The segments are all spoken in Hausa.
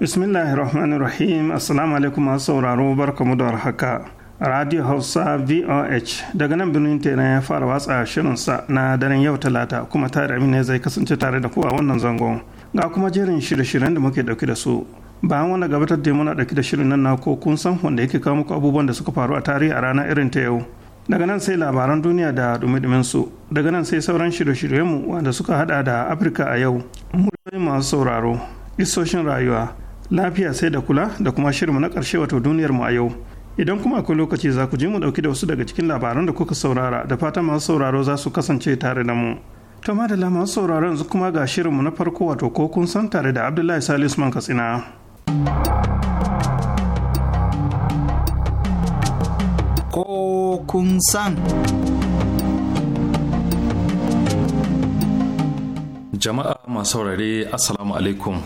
Bismillahi rahmanir rahim assalamu alaikum masu sauraro barkamu da warhaka radio hausa voh daga nan birnin tena ya fara watsa shirinsa na daren yau talata kuma tare amina zai kasance tare da ku a wannan zangon ga kuma jerin shirye-shiryen da muke dauki da su bayan wanda gabatar da muna dauki da shirin nan na ko kun san wanda yake kawo muku abubuwan da suka faru a tarihi a rana irin ta yau daga nan sai labaran duniya da dumi su daga nan sai sauran shirye-shiryenmu wanda suka hada da afirka a yau mu masu sauraro isoshin rayuwa lafiya sai da kula da kuma shirinmu na ƙarshe wato duniyar mu a yau idan kuma akwai lokaci za ku ji mu ɗauki da wasu daga cikin labaran da kuka saurara da fatan masu sauraro za su kasance tare da mu to madalla masu sauraro yanzu kuma ga shirinmu na farko wato ko kun san tare da abdullahi salisu man katsina ko kun san jama'a masu saurare assalamu alaikum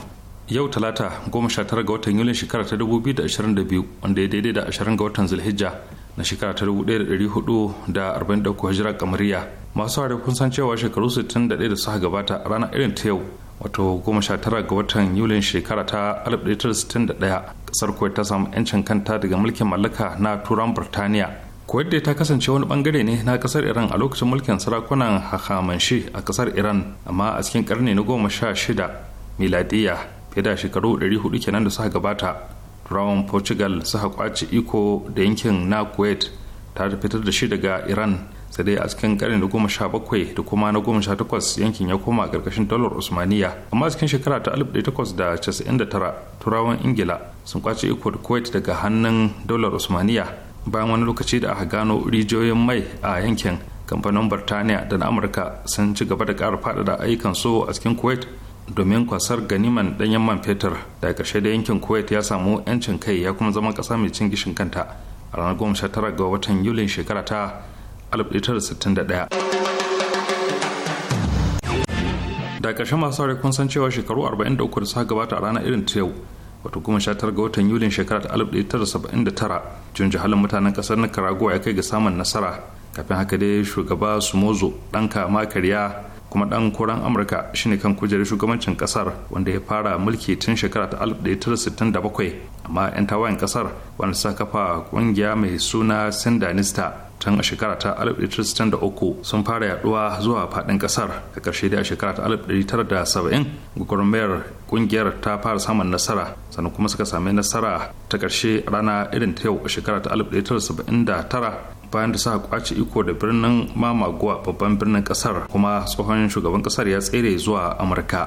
yau talata goma tara ga watan yulin shekara ta dubu biyu da biyu wanda ya daidai da ashirin ga watan zulhijja na shekara ta dubu da da da hudu arba'in uku hijira kamariya masu hare kun san cewa shekaru sittin da da suka gabata ranar irin ta yau wato goma tara ga watan yulin shekara ta alif sittin 1961 kasar kuwait ta samu 'yancin kanta daga mulkin mallaka na turan burtaniya kuwait dai ta kasance wani bangare ne na kasar iran a lokacin mulkin sarakunan hakamanshi a kasar iran amma a cikin karni na goma sha shida miladiya fiye da shekaru 400 kenan da suka gabata rawan portugal suka kwace iko da yankin na kuwait ta fitar da shi daga iran sai dai a cikin karni na goma sha bakwai da kuma na goma sha takwas yankin ya koma karkashin dalar usmaniya amma cikin shekara ta alif ɗaya takwas da casa'in da tara turawan ingila sun kwace iko da kuwait daga hannun dalar usmaniya bayan wani lokaci da aka gano rijiyoyin mai a yankin kamfanin birtaniya da na amurka sun ci gaba da ƙara faɗaɗa ayyukan su a cikin kuwait domin kwasar ganiman ɗanyen man fetur da ƙarshe da yankin kuwait ya samu 'yancin kai ya kuma zama ƙasa mai cin gishin kanta a ranar tara ga watan yulin shekara ta 1961 da ƙarshe masu sauri kun san cewa shekaru 43 da suka gabata a ranar irin ta yau wato goma sha tara ga watan yulin shekara ta alif ɗaya tara saba'in da tara jin jihalin mutanen ƙasar nicaragua ya kai ga samun nasara kafin haka dai shugaba sumozo ɗanka makariya. kuma dan koran amurka shine kan kujerar shugabancin kasar wanda ya fara mulki tun shekara ta 1967 amma 'yan tawayen kasar wanda suka kafa kungiya mai suna sandanista tun a shekara ta 1963 sun fara yaduwa zuwa fadin kasar a karshe da a shekara ta 1970 gwagwarmayar kungiyar ta fara samun nasara sannan kuma suka sami nasara ta karshe rana irin ta yau a shekara ta 1979 bayan da suka kwace iko da birnin mamaguwa babban birnin kasar kuma tsohon shugaban kasar ya tsere zuwa amurka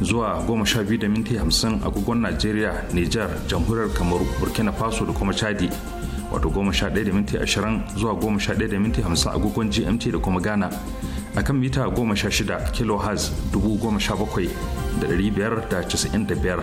zuwa 12 da minti 50 agogon Najeriya, Nijar, Jamhuriyar Kamaru, Burkina Faso da kuma Chadi. Wato 11 da minti 20 zuwa 11 da minti 50 agogon GMT da kuma Ghana. A kan mita 16 kHz 17,595.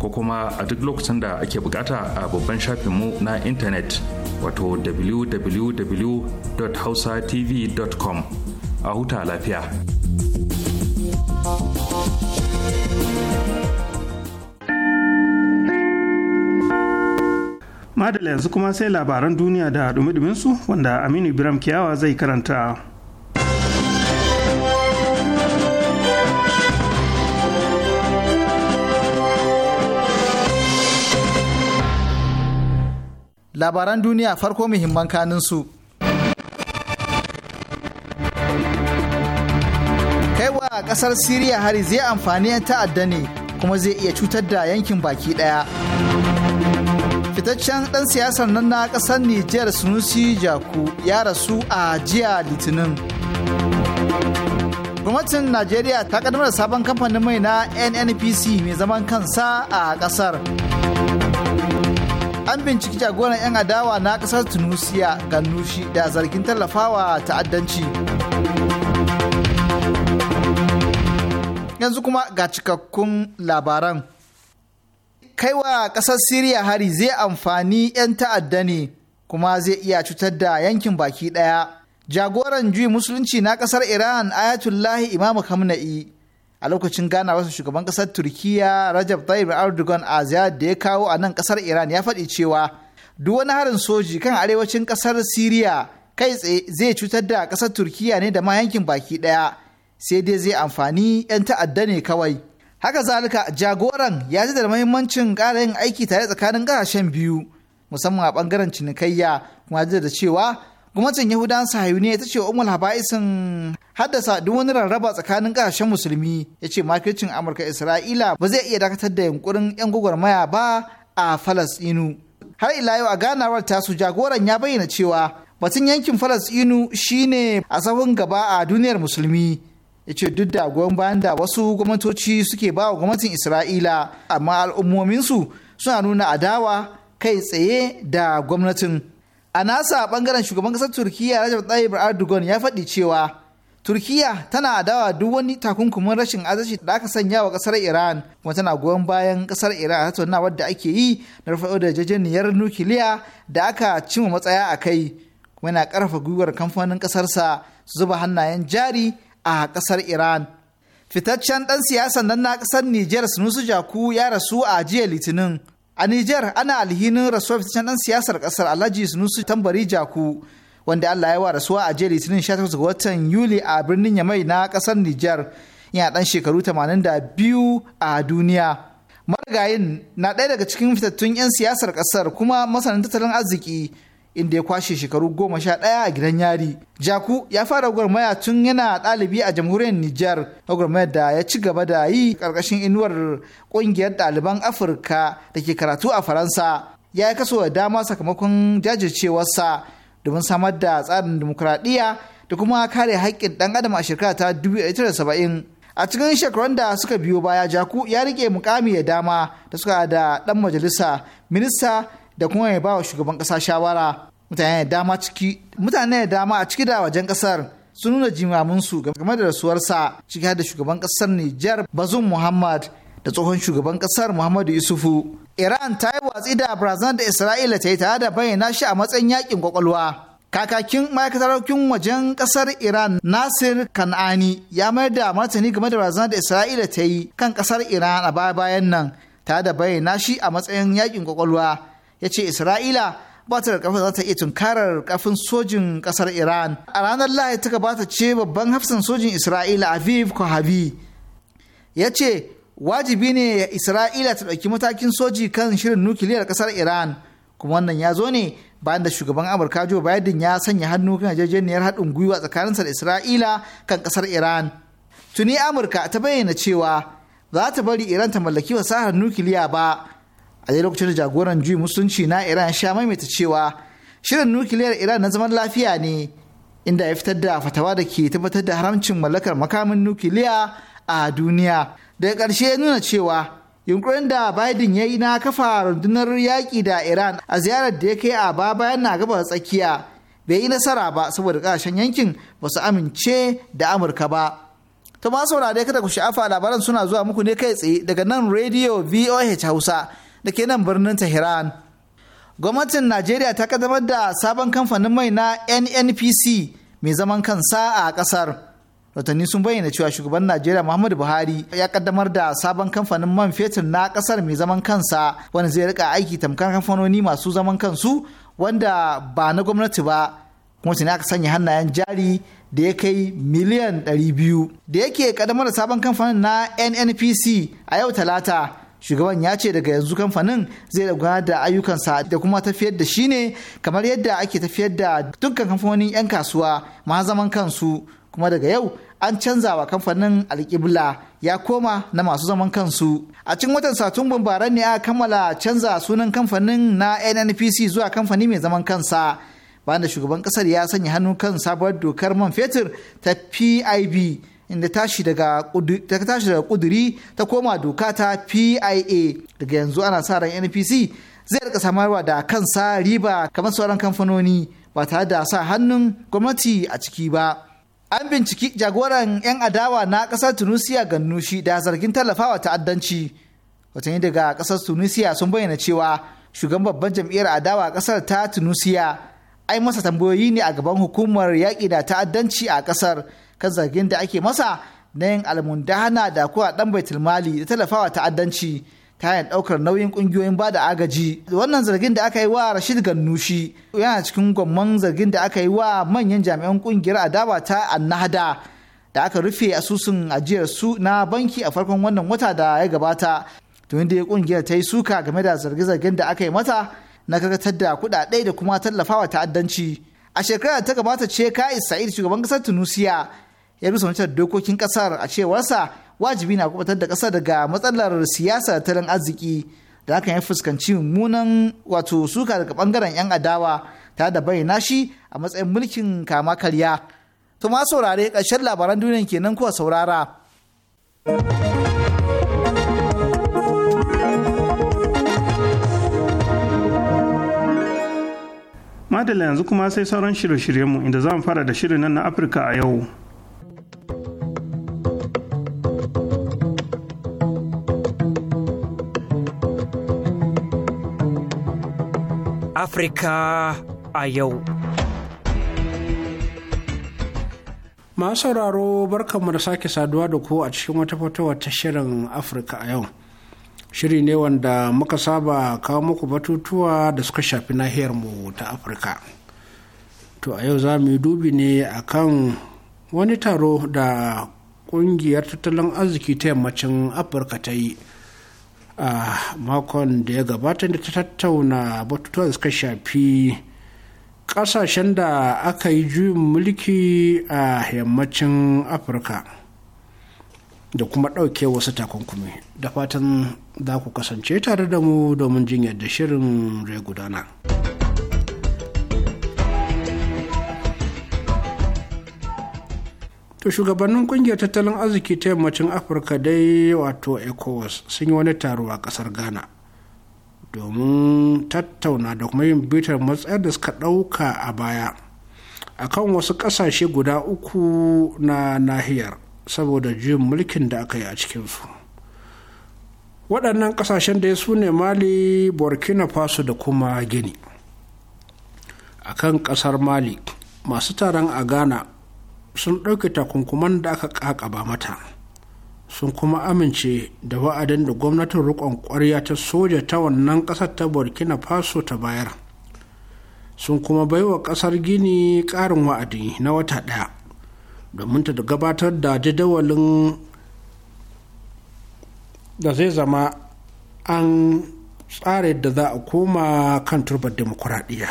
ko kuma a duk lokacin da ake bukata a babban shafinmu na intanet wato www.hausatv.com a huta lafiya. Madala yanzu kuma sai labaran duniya da dumi su wanda Aminu Ibrahim Kiyawa zai karanta. labaran duniya farko muhimman kanin su. Kaiwa a ƙasar Siriya hari zai amfani 'yan ta'adda ne kuma zai iya cutar da yankin baki ɗaya. Fitaccen ɗan siyasar nan na ƙasar Nijiyar Sunusi Jaku ya rasu a jiya Litinin. Gwamnatin Najeriya ta ƙaddamar da sabon kamfanin mai na NNPC mai zaman kansa a ƙasar. an binciki jagoran 'yan adawa na kasar tunisia ganushi da zargin tallafawa ta'addanci yanzu kuma ga cikakkun labaran kaiwa kasar siriya hari zai amfani 'yan ta'adda ne kuma zai iya cutar da yankin baki daya jagoran juyi musulunci na kasar iran ayatullahi imamu kamna'i a lokacin wasu shugaban kasar turkiya rajab tayyip erdogan a ziyarar da ya kawo a nan kasar iran ya faɗi cewa duk wani harin soji kan arewacin kasar siriya kai tsaye zai cutar da kasar turkiya ne da ma yankin baki ɗaya sai dai zai amfani 'yan ta'adda ne kawai haka zalika jagoran ya ji da mahimmancin ƙara yin aiki tare tsakanin ƙasashen biyu musamman a ɓangaren cinikayya kuma ji da cewa gwamnatin yahudan sahayuniya ita ce umar haba'isin haddasa duk wani rarraba tsakanin ƙasashen musulmi ya ce makircin amurka isra'ila ba zai iya dakatar da yunkurin 'yan gwagwarmaya ba a falasɗinu har ila yau a ganawar tasu jagoran ya bayyana cewa batun yankin falasɗinu shine a sahun gaba a duniyar musulmi ya ce duk da goyon bayan da wasu gwamnatoci suke ba wa gwamnatin isra'ila amma al'ummominsu suna nuna adawa kai tsaye da gwamnatin a nasa bangaren shugaban kasar turkiya rajab tayyip erdogan ya faɗi cewa Turkiyya tana adawa duk wani takunkumin rashin adalci da aka sanya wa kasar iran kuma tana goyon bayan kasar iran a tattaunawar da ake yi na rufe da jajeniyar nukiliya da aka cima matsaya a kai kuma yana karfa gwiwar kamfanin kasarsa su zuba hannayen jari a kasar iran fitaccen ɗan siyasa nan na kasar niger sunusu jaku ya rasu a jiya litinin a Nijar ana alhinin rasuwar fitaccen dan siyasar kasar Alhaji Sunusu Tambari Jaku wanda Allah ya wa rasuwa a jiya Litinin 18 ga watan Yuli a birnin Yamai na kasar Nijar ya dan shekaru 82 a duniya. Marigayin na ɗaya daga cikin fitattun 'yan siyasar kasar kuma masanin tattalin arziki inda ya kwashe shekaru goma sha ɗaya a gidan yari. Jaku ya fara gwarmaya tun yana ɗalibi a jamhuriyar Nijar, gwamnati da ya ci gaba da yi ƙarƙashin inuwar ƙungiyar ɗaliban Afirka da ke karatu a Faransa. Ya yi kaso da dama sakamakon jajircewarsa domin samar da tsarin dimokuraɗiyya da kuma kare haƙƙin ɗan adam a shekara ta 1970. A cikin shekarun da suka biyo baya Jaku ya rike mukami da dama da suka da ɗan majalisa, minista da kuma ya ba wa shugaban ƙasa shawara mutane da dama ciki da a ciki da wajen kasar sun nuna jimaminsu game da rasuwarsa ciki har da shugaban ƙasar Nijar Bazum Muhammad da tsohon shugaban kasar Muhammadu Yusufu. Iran ta yi watsi da Brazil da Isra'ila ta yi tare da bayyana shi a matsayin yakin kwakwalwa. Kakakin ma'aikatar wajen ƙasar Iran Nasir Kan'ani ya mayar da martani game da Brazil da Isra'ila ta yi kan kasar Iran a baya-bayan nan tare da bayyana shi a matsayin yakin kwakwalwa. ya ce isra'ila ba ta da ƙarfin za ta iya tunkarar kafin sojin ƙasar iran a ranar lahadi ta gabata ce babban hafsan sojin isra'ila aviv kohabi ya ce wajibi ne isra'ila ta ɗauki matakin soji kan shirin nukiliyar ƙasar iran kuma wannan ya zo ne bayan da shugaban amurka joe biden ya sanya hannu kan yarjejeniyar haɗin gwiwa tsakaninsa da isra'ila kan ƙasar iran tuni amurka ta bayyana cewa za ta bari iran ta mallaki fasahar nukiliya ba a dai lokacin da jagoran juyi musulunci na iran sha maimaita cewa shirin nukiliyar iran na zaman lafiya ne inda ya fitar da fatawa da ke tabbatar da haramcin mallakar makamin nukiliya a duniya daga ƙarshe ya nuna cewa yunkurin da biden ya yi na kafa rundunar yaƙi da iran a ziyarar da ya kai a ba bayan na gaba tsakiya bai yi nasara ba saboda ƙasashen yankin ba su amince da amurka ba to ma saurare kada ku sha'afa labaran suna zuwa muku ne kai tsaye daga nan radio voh hausa da ke nan birnin Tehran. Gwamnatin Najeriya ta kaddamar da sabon kamfanin mai na NNPC mai zaman kansa a ƙasar. Watanni sun bayyana cewa shugaban Najeriya Muhammadu Buhari ya kaddamar da sabon kamfanin man fetur na ƙasar mai zaman kansa wanda zai rika aiki tamkar kamfanoni masu zaman kansu wanda ba na gwamnati ba kuma tuni aka sanya hannayen jari da ya kai miliyan 200 da yake kaddamar da sabon kamfanin na nnpc a yau talata shugaban ya ce daga yanzu kamfanin zai daga da ayyukansa da kuma tafiyar da shi ne kamar yadda ake tafiyar da dukkan kamfanonin 'yan kasuwa ma zaman kansu kuma daga yau an canza wa kamfanin alƙibla ya koma na masu zaman kansu a cikin watan satumban bara ne a kammala canza sunan kamfanin na nnpc zuwa kamfani mai zaman kansa bayan da shugaban kasar ya sanya hannu kan sabuwar dokar man fetur ta pib inda tashi daga kuduri ta koma doka ta PIA daga yanzu ana sa ran NPC zai rika samarwa da kansa riba kamar sauran kamfanoni ba tare da sa hannun gwamnati a ciki ba. An binciki jagoran 'yan adawa na ƙasar ga Gannushi da zargin tallafawa ta'addanci. Watanni daga ƙasar tunisia sun bayyana cewa shugaban babban jam'iyyar adawa ƙasar ta Tunisia ai masa tambayoyi ne a gaban hukumar yaƙi da ta'addanci a ƙasar kan zargin da ake masa na yin almundana da kuwa dan baitulmali da tallafawa ta'addanci ta hanyar daukar nauyin ƙungiyoyin ba da agaji wannan zargin da aka yi wa rashid gannushi yana cikin gwamman zargin da aka yi wa manyan jami'an kungiyar adawa ta annahda da aka rufe asusun ajiyar su na banki a farkon wannan wata da ya gabata tun da kungiyar ta yi suka game da zarge-zargen da aka yi mata na karkatar da kuɗaɗe da kuma tallafawa ta'addanci a shekarar ta gabata ce ka'is sa'id shugaban ƙasar tunusiya ya bi saurantar dokokin kasar a cewarsa wajibi na kubatar da kasa daga matsalar siyasa tattalin arziki da hakan ya fuskanci mummunan wato suka daga bangaren 'yan adawa ta da bayyana shi a matsayin mulkin kama karya. To ma saurare ƙarshen labaran duniya kenan kuwa saurara. Madalla yanzu kuma sai sauran shirye-shiryenmu inda za mu fara da shirin nan na Afirka a yau. Afirka a yau. Masu sauraro barkanmu da sake saduwa da ku a cikin wata fitowa ta shirin Afirka a yau. Shiri ne wanda muka saba kawo muku batutuwa da suka shafi nahiyarmu ta Afirka. To a yau za mu yi dubi ne a kan wani taro da ƙungiyar tattalin arziki ta yammacin Afirka ta yi. a makon da ya gabata da ta tattauna batutuwa da suka shafi kasashen da aka yi juyin mulki a yammacin afirka da kuma ɗauke wasu takunkumi da fatan za ku kasance tare da mu domin jin yadda shirin rai gudana. to shugabannin kungiyar tattalin arziki ta yammacin afirka dai wato ecowas sun yi wani taro a kasar ghana domin tattauna da kuma yin bitar matsayar da suka ɗauka a baya A kan wasu ƙasashe guda uku na nahiyar saboda juyin mulkin da aka yi a cikinsu waɗannan ƙasashen da su ne mali burkina faso da kuma gini kan ƙasar mali masu taron a ghana sun ɗauke takunkuman da aka ƙaƙaba mata sun kuma amince da wa'adin da gwamnatin riƙon ƙwarya ta soja ta wannan ƙasar ta burkina faso ta bayar sun kuma bai wa ƙasar gini ƙarin wa'adi na wata ɗaya domin ta gabatar da jadawalin da zai zama an tsara yadda za a koma kan turbar demokuraɗiyya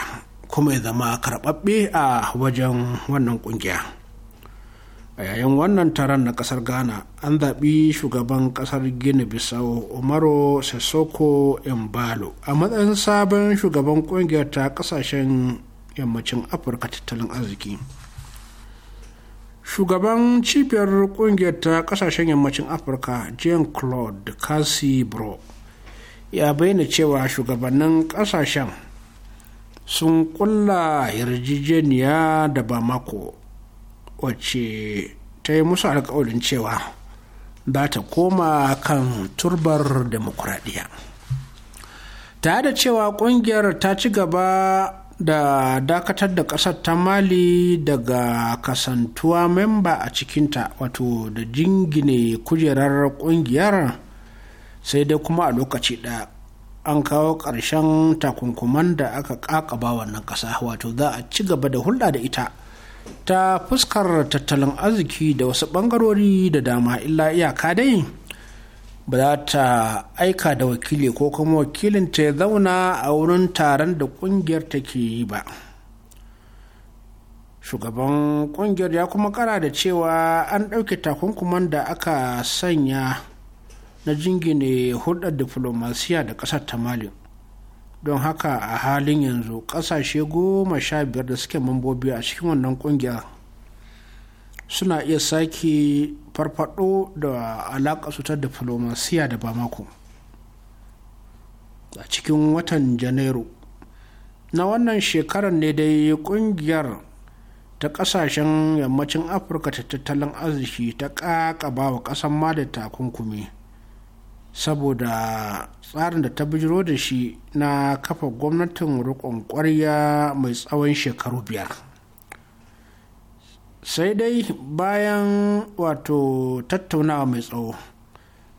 kuma ya zama karɓaɓɓe a wajen wannan ƙungiya. a yayin wannan taron na kasar ghana an zaɓi shugaban kasar gini bissau umaru sissoko imbalo a matsayin sabon shugaban kungiyar ta kasashen yammacin afirka tattalin arziki shugaban cibiyar kungiyar ta kasashen yammacin afirka jean claude kasi bro ya bayyana cewa shugabannin kasashen sun kulla yarjejeniya da bamako wacce ta yi musu alkawarin cewa za ta koma kan turbar demokuraɗiyya tare da cewa ƙungiyar ta ci gaba da dakatar da ƙasar ta mali daga kasantuwa memba a cikinta wato da jingine kujerar ƙungiyar sai dai kuma a lokaci ɗaya an kawo ƙarshen takunkuman da aka ƙaƙaba wannan ƙasa wato za a ci gaba da hulɗa da ita ta fuskar tattalin arziki da wasu bangarori da dama illa iyaka dai ba za ta aika da wakili ko kuma wakilin ta ya zauna a wurin taron da kungiyar take yi ba shugaban kungiyar ya kuma kara da cewa an ɗauke takunkuman da aka sanya na jingine hulɗar diflomasiya da ƙasar ta mali don haka a halin yanzu kasashe goma sha biyar da suke mambobi a cikin wannan kungiya suna iya sake farfado da alaƙa su ta diflomasiya da bamako a cikin watan janairu na wannan shekarar ne dai ƙungiyar ta kasashen yammacin afirka ta tattalin arziki ta ƙaƙaba wa kasan ma da takunkumi saboda tsarin da ta bijiro da shi na kafa gwamnatin rikon kwarya mai tsawon shekaru biyar sai dai bayan wato tattaunawa mai tsawo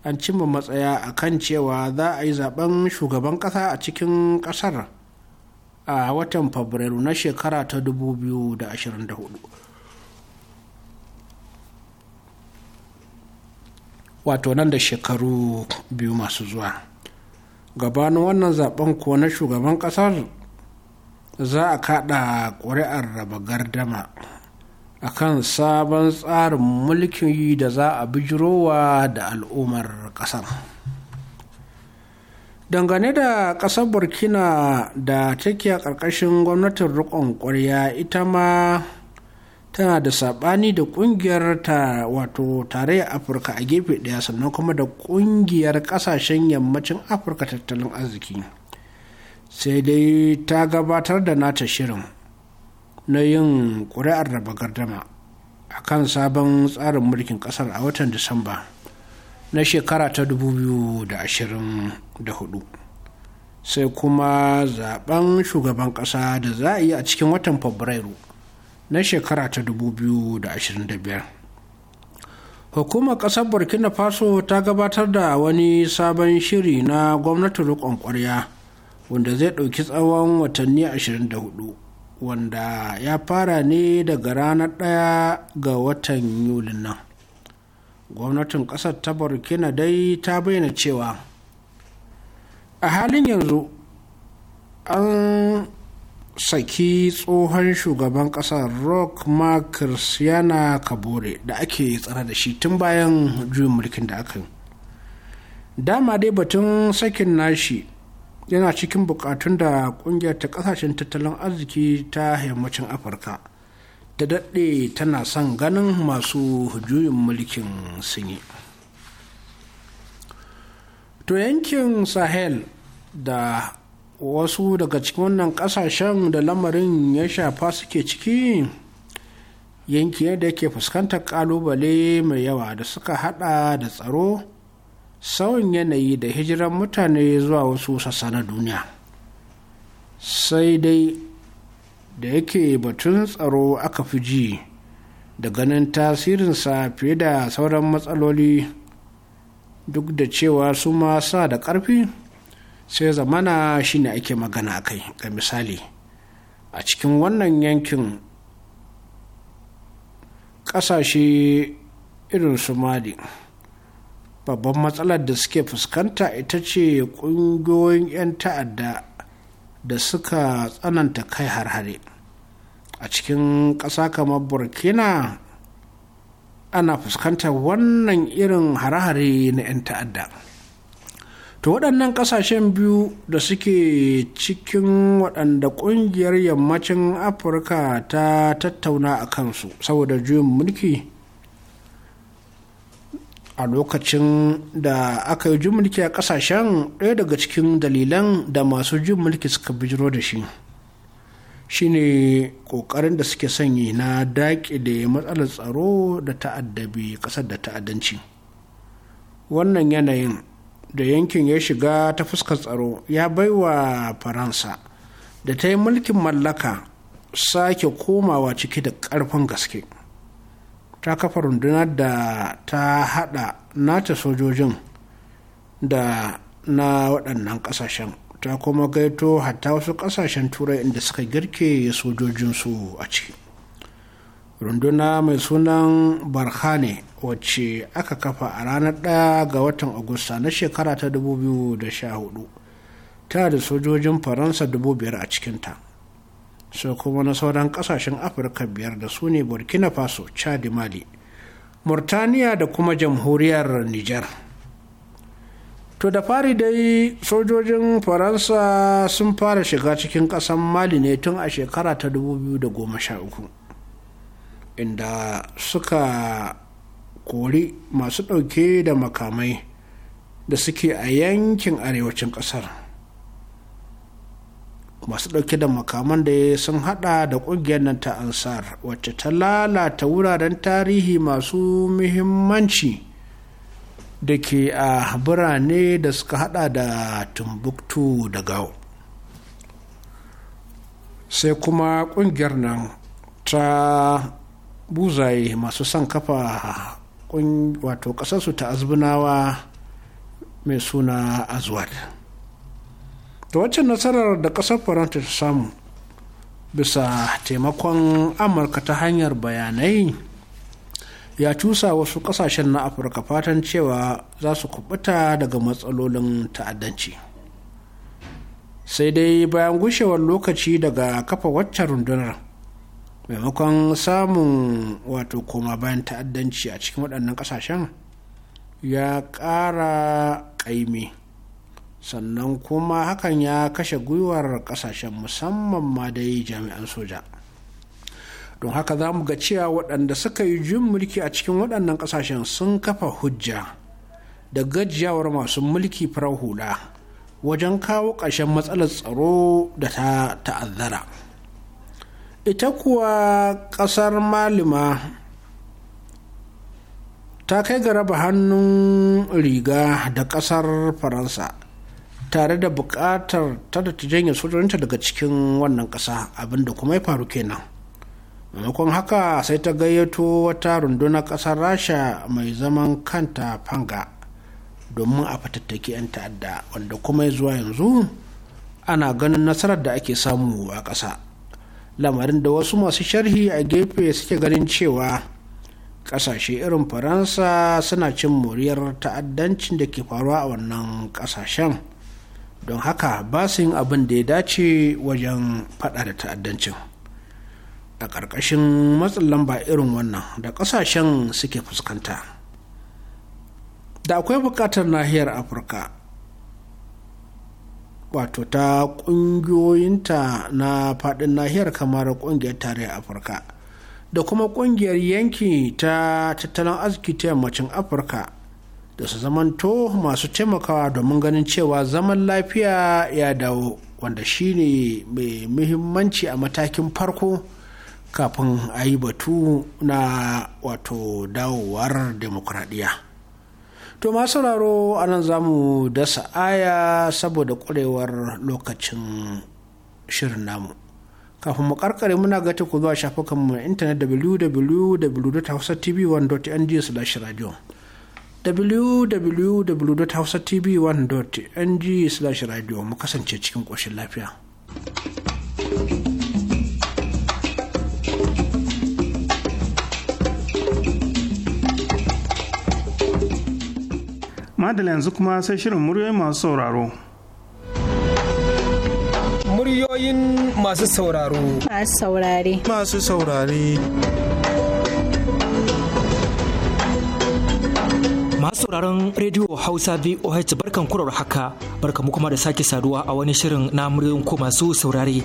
an cimma matsaya a kan cewa za a yi zaben shugaban kasa a cikin kasar a watan fabrairu na shekara ta 2024 wato nan da shekaru biyu masu zuwa gabanin wannan zaben kuwa na shugaban kasar za a kada ƙuri'ar raba gardama a kan sabon tsarin mulkin da za a bijirowa da al'ummar kasar dangane da ƙasar burkina da take a ƙarƙashin gwamnatin riƙon ƙwarya ita ma tana da saɓani da ƙungiyar ta wato tarayyar afirka a gefe ɗaya sannan kuma da ƙungiyar ƙasashen yammacin afirka tattalin arziki sai dai ta gabatar da nata shirin na yin ƙuri'ar raba gardama a kan sabon tsarin mulkin ƙasar a watan disamba na shekara ta 2024 sai kuma zaben shugaban ƙasa da za a yi a cikin watan fabrairu na shekara ta 2025 hukumar ƙasar burkina faso ta gabatar da wani sabon shiri na gwamnatin riƙon ƙwarya wanda zai ɗauki tsawon watanni 24 wanda ya fara ne daga ranar ɗaya ga watan yulin nan gwamnatin ƙasar ta burkina dai ta bayyana cewa a halin yanzu an saki tsohon shugaban ƙasa rock mark christiana kabore da ake tsara da shi tun bayan juyin mulkin da aka yi dama dai batun sakin nashi yana cikin bukatun da kungiyar ta kasashen tattalin arziki ta yammacin afirka ta daɗe tana son ganin masu juyin mulkin sun yi to yankin sahel da wasu daga cikin wannan kasashen da lamarin ya shafa suke ciki yanki yadda da yake fuskantar kalubale mai yawa da suka hada da tsaro sauyin yanayi da hijiran mutane zuwa wasu sassa na duniya sai dai da yake batun tsaro aka fi ji da ganin tasirinsa fiye da sauran matsaloli duk da cewa su ma sa da ƙarfi sai zamana shine ake magana a kai ga misali a cikin wannan yankin ƙasashe irin su mali babban matsalar da suke fuskanta ita ce ƙungiyoyin 'yan ta'adda da suka tsananta kai har-hare a cikin ƙasa kamar burkina ana fuskantar wannan irin hare-hare na 'yan ta'adda to waɗannan ƙasashen biyu da suke cikin waɗanda ƙungiyar yammacin afirka ta tattauna a kansu saboda juyin mulki a lokacin da aka yi juyin mulki a ƙasashen ɗaya daga cikin dalilan da masu juyin mulki suka bijiro da shi shine ƙoƙarin da suke sanyi na daƙi da matsalar tsaro da ta'addabi ƙasar da ta'addanci wannan yanayin da yankin ya shiga ta fuskar tsaro ya baiwa faransa da ta yi mulkin mallaka sake komawa ciki da ƙarfin gaske ta kafa rundunar da ta hada nata sojojin da na waɗannan ƙasashen ta kuma gaito hatta wasu ƙasashen turai inda suka girke sojojinsu a ciki runduna mai sunan barkhane wacce aka kafa a ranar 1 ga watan agusta na shekara ta 2014 tana da sojojin faransa 5,000 a cikinta sai kuma na sauran kasashen afirka biyar da su ne burkina faso chad mali murtaniya da kuma jamhuriyar niger to da fari dai sojojin faransa sun fara shiga cikin kasan mali ne tun a shekara ta 2013 inda suka kori masu ɗauke da makamai da suke a yankin arewacin ƙasar masu ɗauke da makaman da sun hada da ƙungiyar nan ta ansar wacce ta lalata wuraren tarihi masu muhimmanci da ke a birane da suka hada da tumbuktu da gao sai kuma ƙungiyar nan ta buzaye masu son kafa wato ƙasarsu ta azbinawa mai suna azwad da wacce nasarar da ƙasar faranta ta samu bisa taimakon amurka ta hanyar bayanai ya cusa wasu ƙasashen na afirka fatan cewa za su kubuta daga matsalolin ta'addanci sai dai bayan gushewar lokaci daga kafa waccan rundunar maimakon samun wato koma bayan ta'addanci a cikin waɗannan ƙasashen ya ƙara ƙaimi sannan kuma hakan ya kashe gwiwar ƙasashen musamman ma da dai jami'an soja don haka za mu ga cewa waɗanda suka yi jin mulki a cikin waɗannan ƙasashen sun kafa hujja da gajiyawar masu mulki farar hula wajen kawo ƙarshen matsalar tsaro da ta ta'azzara. ita kuwa ƙasar malima ta kai ga raba hannun riga da ƙasar faransa tare da buƙatar ta da janye sojojinta daga cikin wannan ƙasa abinda kuma ya faru kenan maimakon haka sai ta gayyato wata rundunar ƙasar rasha mai zaman kanta fanga domin a fatattaki 'yan ta'adda wanda kuma zuwa yanzu ana ganin nasarar da ake samu a ƙasa lamarin da wasu masu sharhi a gefe suke ganin cewa kasashe irin faransa suna cin moriyar ta'addancin da ke faruwa a wannan kasashen don haka ba su yin abin da ya dace wajen fada da ta'addancin a ƙarƙashin matsin lamba irin wannan da ƙasashen suke fuskanta da akwai buƙatar nahiyar afirka wato ta ƙungiyoyinta na faɗin nahiyar kamar ƙungiyar tarayyar afirka da kuma ƙungiyar yanki ta tattalin arziki ta yammacin afirka da su zamanto masu taimakawa domin ganin cewa zaman lafiya ya dawo wanda shine mai muhimmanci a matakin farko kafin a yi batu na wato dawowar demokradiyya. to ma sauraro anan za mu dasa aya saboda ƙwarewar lokacin shirin namu kafin mu karkare muna ga ku zuwa shafukanmu na intanet www.hausatv1.ng/radio www.hausatv1.ng/radio mu kasance cikin ƙoshin lafiya. madala yanzu kuma sai shirin muryoyin masu sauraro muryoyin masu sauraro masu saurare masu saurare masu sauraron rediyo hausa voh barkan kurar haka barkamu kuma da sake saduwa a wani shirin na muryoyin ko masu saurare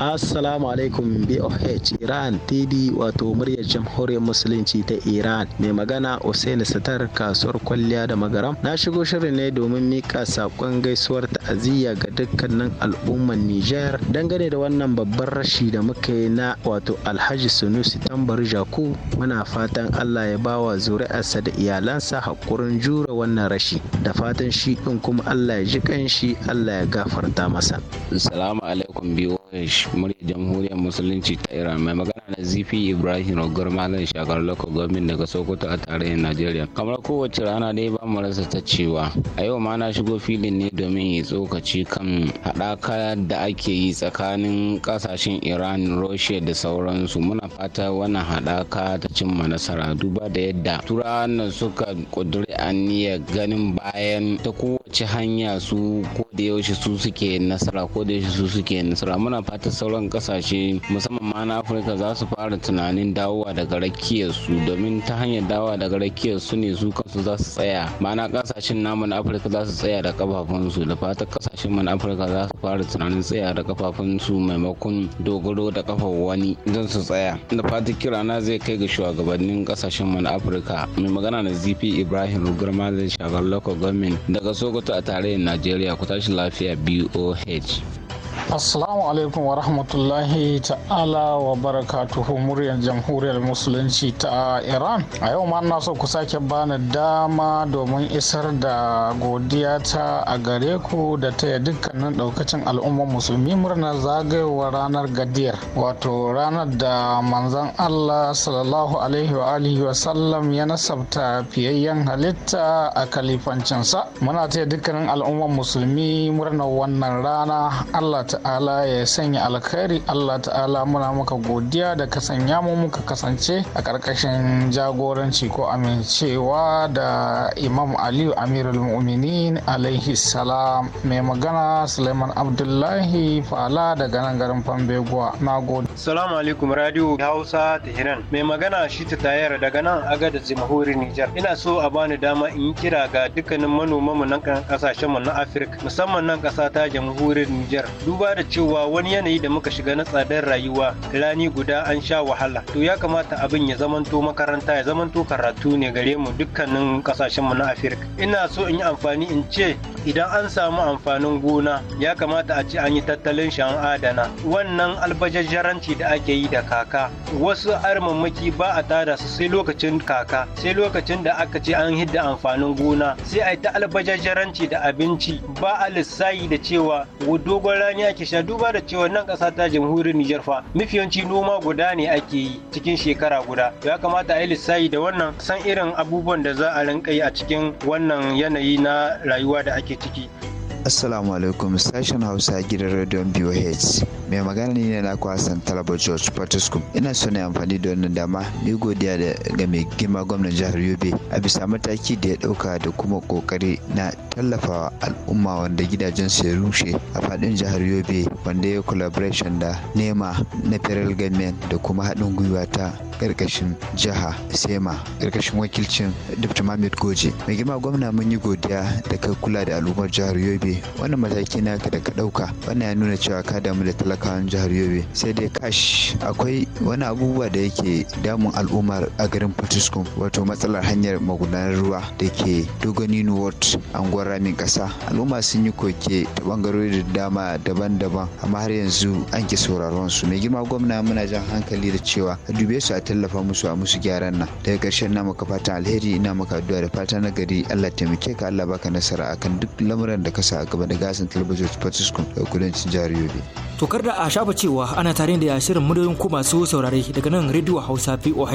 Assalamu alaikum BOH Iran TV wato muryar jamhuriyar musulunci ta Iran mai magana Hussein Satar kasuwar kwalliya da magaram na shigo shirin ne domin mika sakon gaisuwar ta'aziyya ga dukkanin al'ummar Nijar dangane da wannan babban rashi da muka yi na wato Alhaji Sunusi Tambar Jaku muna fatan Allah ya bawa zuri'arsa da iyalansa hakurin jure wannan rashi da fatan shi din kuma Allah ya ji kanshi Allah ya gafarta masa. Assalamu alaikum biyo muryar jamhuriyar musulunci ta iran mai magana na zifi ibrahim rogar malam shakar lako gwamnati daga sokoto a tarayyar najeriya kamar kowace rana dai ba mu rasa ta cewa a yau ma na shigo filin ne domin yi tsokaci kan haɗaka da ake yi tsakanin ƙasashen iran russia da sauransu muna fata wannan haɗaka ta cimma nasara duba da yadda turawan suka ƙudiri aniyar ganin bayan ta kowace hanya su ko da yaushe su suke nasara ko da yaushe su suke nasara muna fata sauran kasashe musamman ma na afirka za su fara tunanin dawowa daga rakiyar domin ta hanyar dawowa daga rakiyar su ne su kansu za su tsaya ma'ana kasashen namu na afirka za su tsaya da kafafun su da fatan kasashen mu na afirka za su fara tunanin tsaya da kafafun su maimakon dogaro da kafar wani don su tsaya da fatan kirana zai kai ga shugabannin kasashen mu na afirka mai magana na zp ibrahim rugarma zai shagar local daga sokoto a tarayyar najeriya ku tashi lafiya boh Assalamu alaikum wa rahmatullahi ta'ala wa barakatuhu muryar jamhuriyar musulunci ta Iran. A yau ma na so ku sake bani dama domin isar da godiya ta a gare ku da taya dukkanin daukacin al'ummar musulmi murnar zagayowa ranar gadiyar wato ranar da manzan Allah sallallahu alaihi wa alihi wa sallam ya nasabta fiyayyen halitta a kalifancinsa. Muna taya dukkanin al'ummar musulmi murnar wannan rana Allah ta ta'ala ya sanya alkhairi Allah ta'ala muna maka godiya da ka mu muka kasance a ƙarƙashin jagoranci ko amincewa da Imam Aliyu Amirul Mu'minin alaihi salam mai magana Suleiman Abdullahi Fala daga nan garin Fambeguwa na gode. Salamu alaikum radio Hausa Tehran mai magana shi ta tayar daga nan agada jamhuriyar Nijar ina so a bani dama in yi kira ga dukkanin manoman mu nan kasashen mu na Afirka musamman nan ƙasa ta jamhuriyar Nijar duk duba da cewa wani yanayi da muka shiga na tsadar rayuwa rani guda an sha wahala to ya kamata abin ya zamanto makaranta ya zamanto karatu ne gare mu dukkanin kasashen mu na afirka ina so in yi amfani in ce idan an samu amfanin gona ya kamata a ce an yi tattalin shi an adana wannan albajajjaranci da ake yi da kaka wasu armamaki ba a tada su sai lokacin kaka sai lokacin da aka ce an hidda amfanin gona sai a yi ta albajajjaranci da abinci ba a lissayi da cewa dogon rani ake sha duba da cewa nan ƙasa ta jamhuriyar Nijar fa mafiyanci noma guda ne ake yi cikin shekara guda ya kamata a yi lissayi da wannan san irin abubuwan da za a rinka yi a cikin wannan yanayi na rayuwa da ake ciki Assalamu alaikum sashen Hausa gidan Radio BOH. Mai magana ne na kwasan Talaba George Patiskum. Ina so ne amfani da wannan dama ni godiya da ga mai gima gwamnan jihar Yobe a bisa mataki da ya dauka da kuma kokari na tallafawa al'umma wanda gidajen su ya rushe a fadin jihar Yobe wanda ya collaboration da NEMA na Federal Government da kuma haɗin gwiwa ta karkashin jiha SEMA karkashin wakilcin Dr. Mahmud Goje. Mai girma gwamna mun yi godiya da kai kula da al'ummar jihar Yobe yobe wannan mataki naka da ka dauka wannan ya nuna cewa ka damu da talakawan jihar yobe sai dai kash akwai wani abubuwa da yake damun al'ummar a garin fatiskum wato matsalar hanyar magudanar ruwa da ke dogoni ward anguwar ramin ƙasa al'umma sun yi koke ta bangarori da dama daban-daban amma har yanzu an ki sauraron su mai girma gwamna muna jan hankali da cewa a dube su a tallafa musu a musu gyaran nan daga ƙarshen na maka fatan alheri ina maka addu'a da fata nagari. gari Allah taimake ka Allah baka nasara akan duk lamuran da ka sa a gaba da gasin talabijin francisco da kudancin jihar yobe tokar da a shafa cewa ana tare da shirin muryoyin ku masu saurare daga nan rediyo hausa voh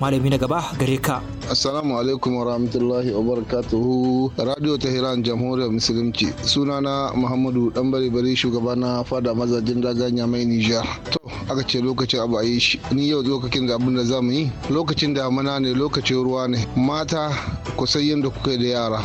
malami na gaba gare ka assalamu alaikum wa rahmatullahi wa barakatuhu radio hiran jamhuriyar musulunci sunana muhammadu dan bari bari shugaba na fada mazajin daganya mai nijar to aka ce lokacin abu a yi shi ni yau lokacin da abin da za mu yi lokacin damana ne lokacin ruwa ne mata ku san yadda kuka da yara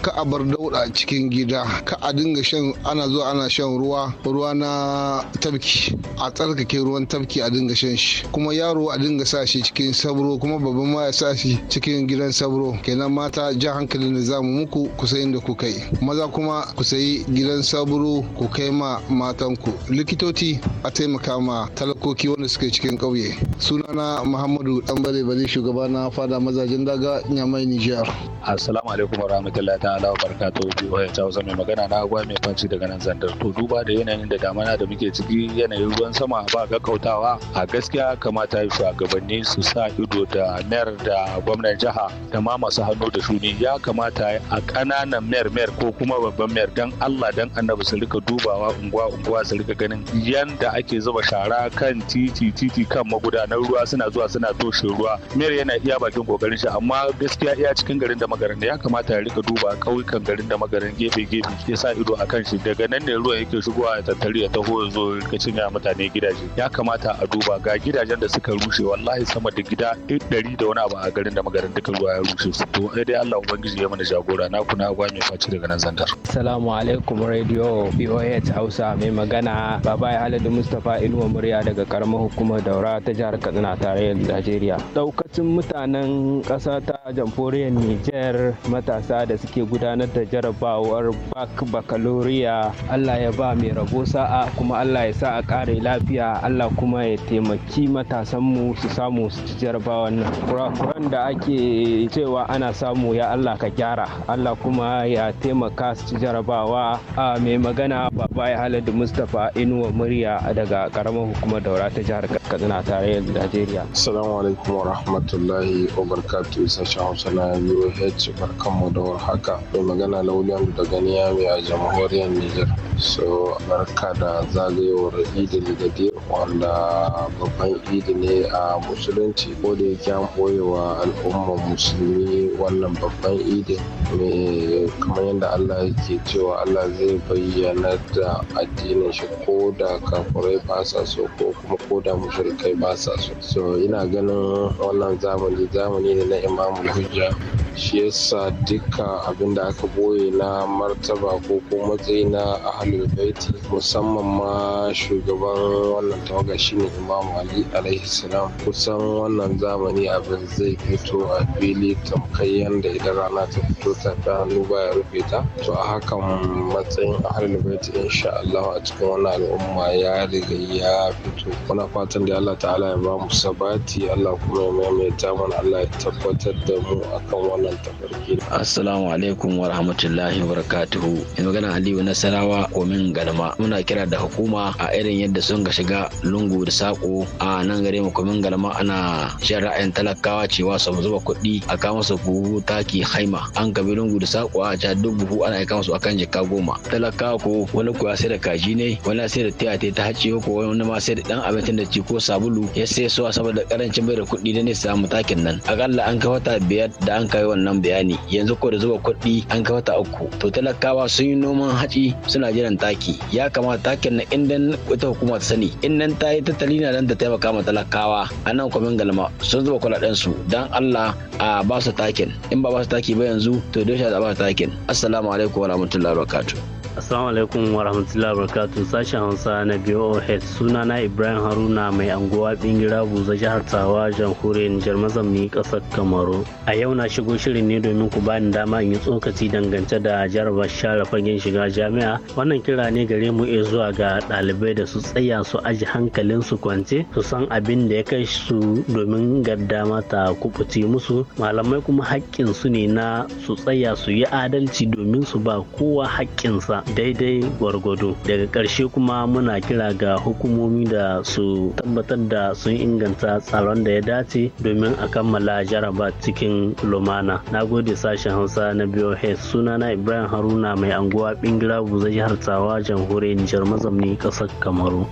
ka a bar dauda cikin gida sha ka a dinga shan ana zuwa ana shan ruwa ruwa na tabki a tsarkake ruwan tabki a dinga shan shi kuma yaro a dinga sa shi cikin sabro kuma babban ma ya sa shi cikin gidan sabro kenan mata ja hankali da zamu muku kusayin da ku kai maza kuma ku sayi gidan sabro ku kai ma matanku likitoci a taimaka ma talakoki wanda suke cikin ƙauye sunana muhammadu dan bare bare shugaba na fada mazajen daga nyamai nijar assalamu alaikum warahmatullahi ta'ala wa barakatuhu wa mai magana na agwa mai faci daga nan zandar to duba da yanayin da damana da muke ciki yanayin ruwan sama ba gaggautawa a gaskiya kamata shugabanni su sa ido da mayar da gwamnan jiha da ma masu hannu da shuni ya kamata a ƙananan mayar mayar ko kuma babban mayar dan Allah dan annabi su rika dubawa unguwa unguwa su rika ganin yanda ake zuba shara kan titi titi kan magudanar ruwa suna zuwa suna toshe ruwa mayar yana iya bakin kokarin shi amma gaskiya iya cikin garin da magarin ya kamata ya rika duba ƙauyukan garin da magarin gefe gefe sa ido a kan shi daga nan ne ruwan yake shigowa ya tattari ya taho ya zo ya cinye mutane gidaje ya kamata a duba ga gidajen da suka rushe wallahi sama da gida ɗari da wani abu a garin da magarin duka ruwa ya rushe su to sai dai Allah ubangiji ya mana jagora na kuna agwa mai faci daga nan zantar!" assalamu alaikum radio BOH Hausa mai magana baba ya haladu Mustapha Inuwa murya daga karamar hukumar Daura ta jihar Katsina tarayyar Najeriya daukacin mutanen ƙasa ta jamhuriyar Niger matasa da suke gudanar da jarabawar Bak Bakaloriya Allah ya ba mai rabo sa'a kuma Allah ya sa a kare lafiya Allah kuma ya taimaki matasanmu su samu su ci nan. Kurakuran da ake cewa ana samu ya Allah ka gyara Allah kuma ya taimaka su ci jarabawa a mai magana baba ya haladu Mustapha Inuwa murya daga karamar hukumar daura ta jihar tare da Najeriya. salamu alaikum wa rahmatullahi wa barakatuhu sashen Hausa na UH barkanmu da warhaka mai magana na William daga ne Niyami a jamhuriyar Nijar. So barka da zagayowar idil gadir wanda babban idi ne a musulunci ko da yake an ɓoyewa al'ummar musulmi wannan babban idin mai kamar yadda Allah yake cewa Allah zai bayyana da addinin shi ko da kafurai ba sa so ko kuma ko da mushrikai ba sa so. So ina ganin wannan zamani zamani ne na imamu hujja shi yasa duka abinda aka boye na mar martaba ko ko matsayi na ahlul baiti musamman ma shugaban wannan tawaga shine imam ali alaihi salam kusan wannan zamani abin zai fito a fili tamkai yanda idan rana ta fito ta hannu ba ya rufe ta to a hakan matsayin ahlul baiti insha Allah a cikin wannan al'umma ya riga ya fito muna fatan da Allah ta'ala ya ba mu sabati Allah kuma ya maimaita mana Allah ya tabbatar da mu akan wannan tafarki assalamu alaikum wa rahmatullahi wa fatihu ya magana Aliyu Nasarawa Komin Galma muna kira da hukuma a irin yadda sun ga shiga lungu da sako a nan gare mu Komin Galma ana shan ra'ayin talakawa cewa su zuba kuɗi a kama su buhu taki haima an kabi lungu da sako a ja duk buhu ana aika musu akan jikka goma talakawa ko wani kuwa sai da kaji ne wani sai da tiyate ta hace ko wani ma sai da dan abincin da ci ko sabulu ya sai suwa saboda karancin bai da kuɗi da ne samu takin nan akalla an kafa wata biyar da an kai wannan bayani yanzu ko da zuba kuɗi an kai wata uku to talaka talakawa sun yi noman hatsi suna jiran taki ya kamata takin na indan ita hukuma ta sani indan ta yi tattali na dan ta taimaka ma talakawa a nan kwamin galma sun zuba kwalaɗen su dan Allah a ba su takin in ba ba su taki ba yanzu to dole a ba su takin assalamu alaikum wa barakatuh Assalamu alaikum wa rahmatullahi wa sashen Hausa na BOH suna na Ibrahim Haruna mai anguwa bingira buza jihar Tawa jamhuriyar Nijar mazamni kasar Kamaru. A yau na shigo shirin ne domin ku bani dama in yi tsokaci dangance da jarabar share fagen shiga jami'a. Wannan kira ne gare mu iya eh zuwa ga ɗalibai da su tsaya su aji hankalin su kwance su san abin da ya kai su domin gaddama ta kubuce musu malamai kuma haƙƙin su ne na su tsaya su yi adalci domin su ba kowa haƙƙinsa daidai gwargwado daga ƙarshe kuma muna kira ga hukumomi da su tabbatar da sun inganta tsaron da ya dace domin a kammala jaraba cikin lumana na gode sashen hausa na biyo sunana ibrahim haruna mai anguwa bingira buzai jihar tsawa jamhuriyar nijar mazamni ƙasar kamaru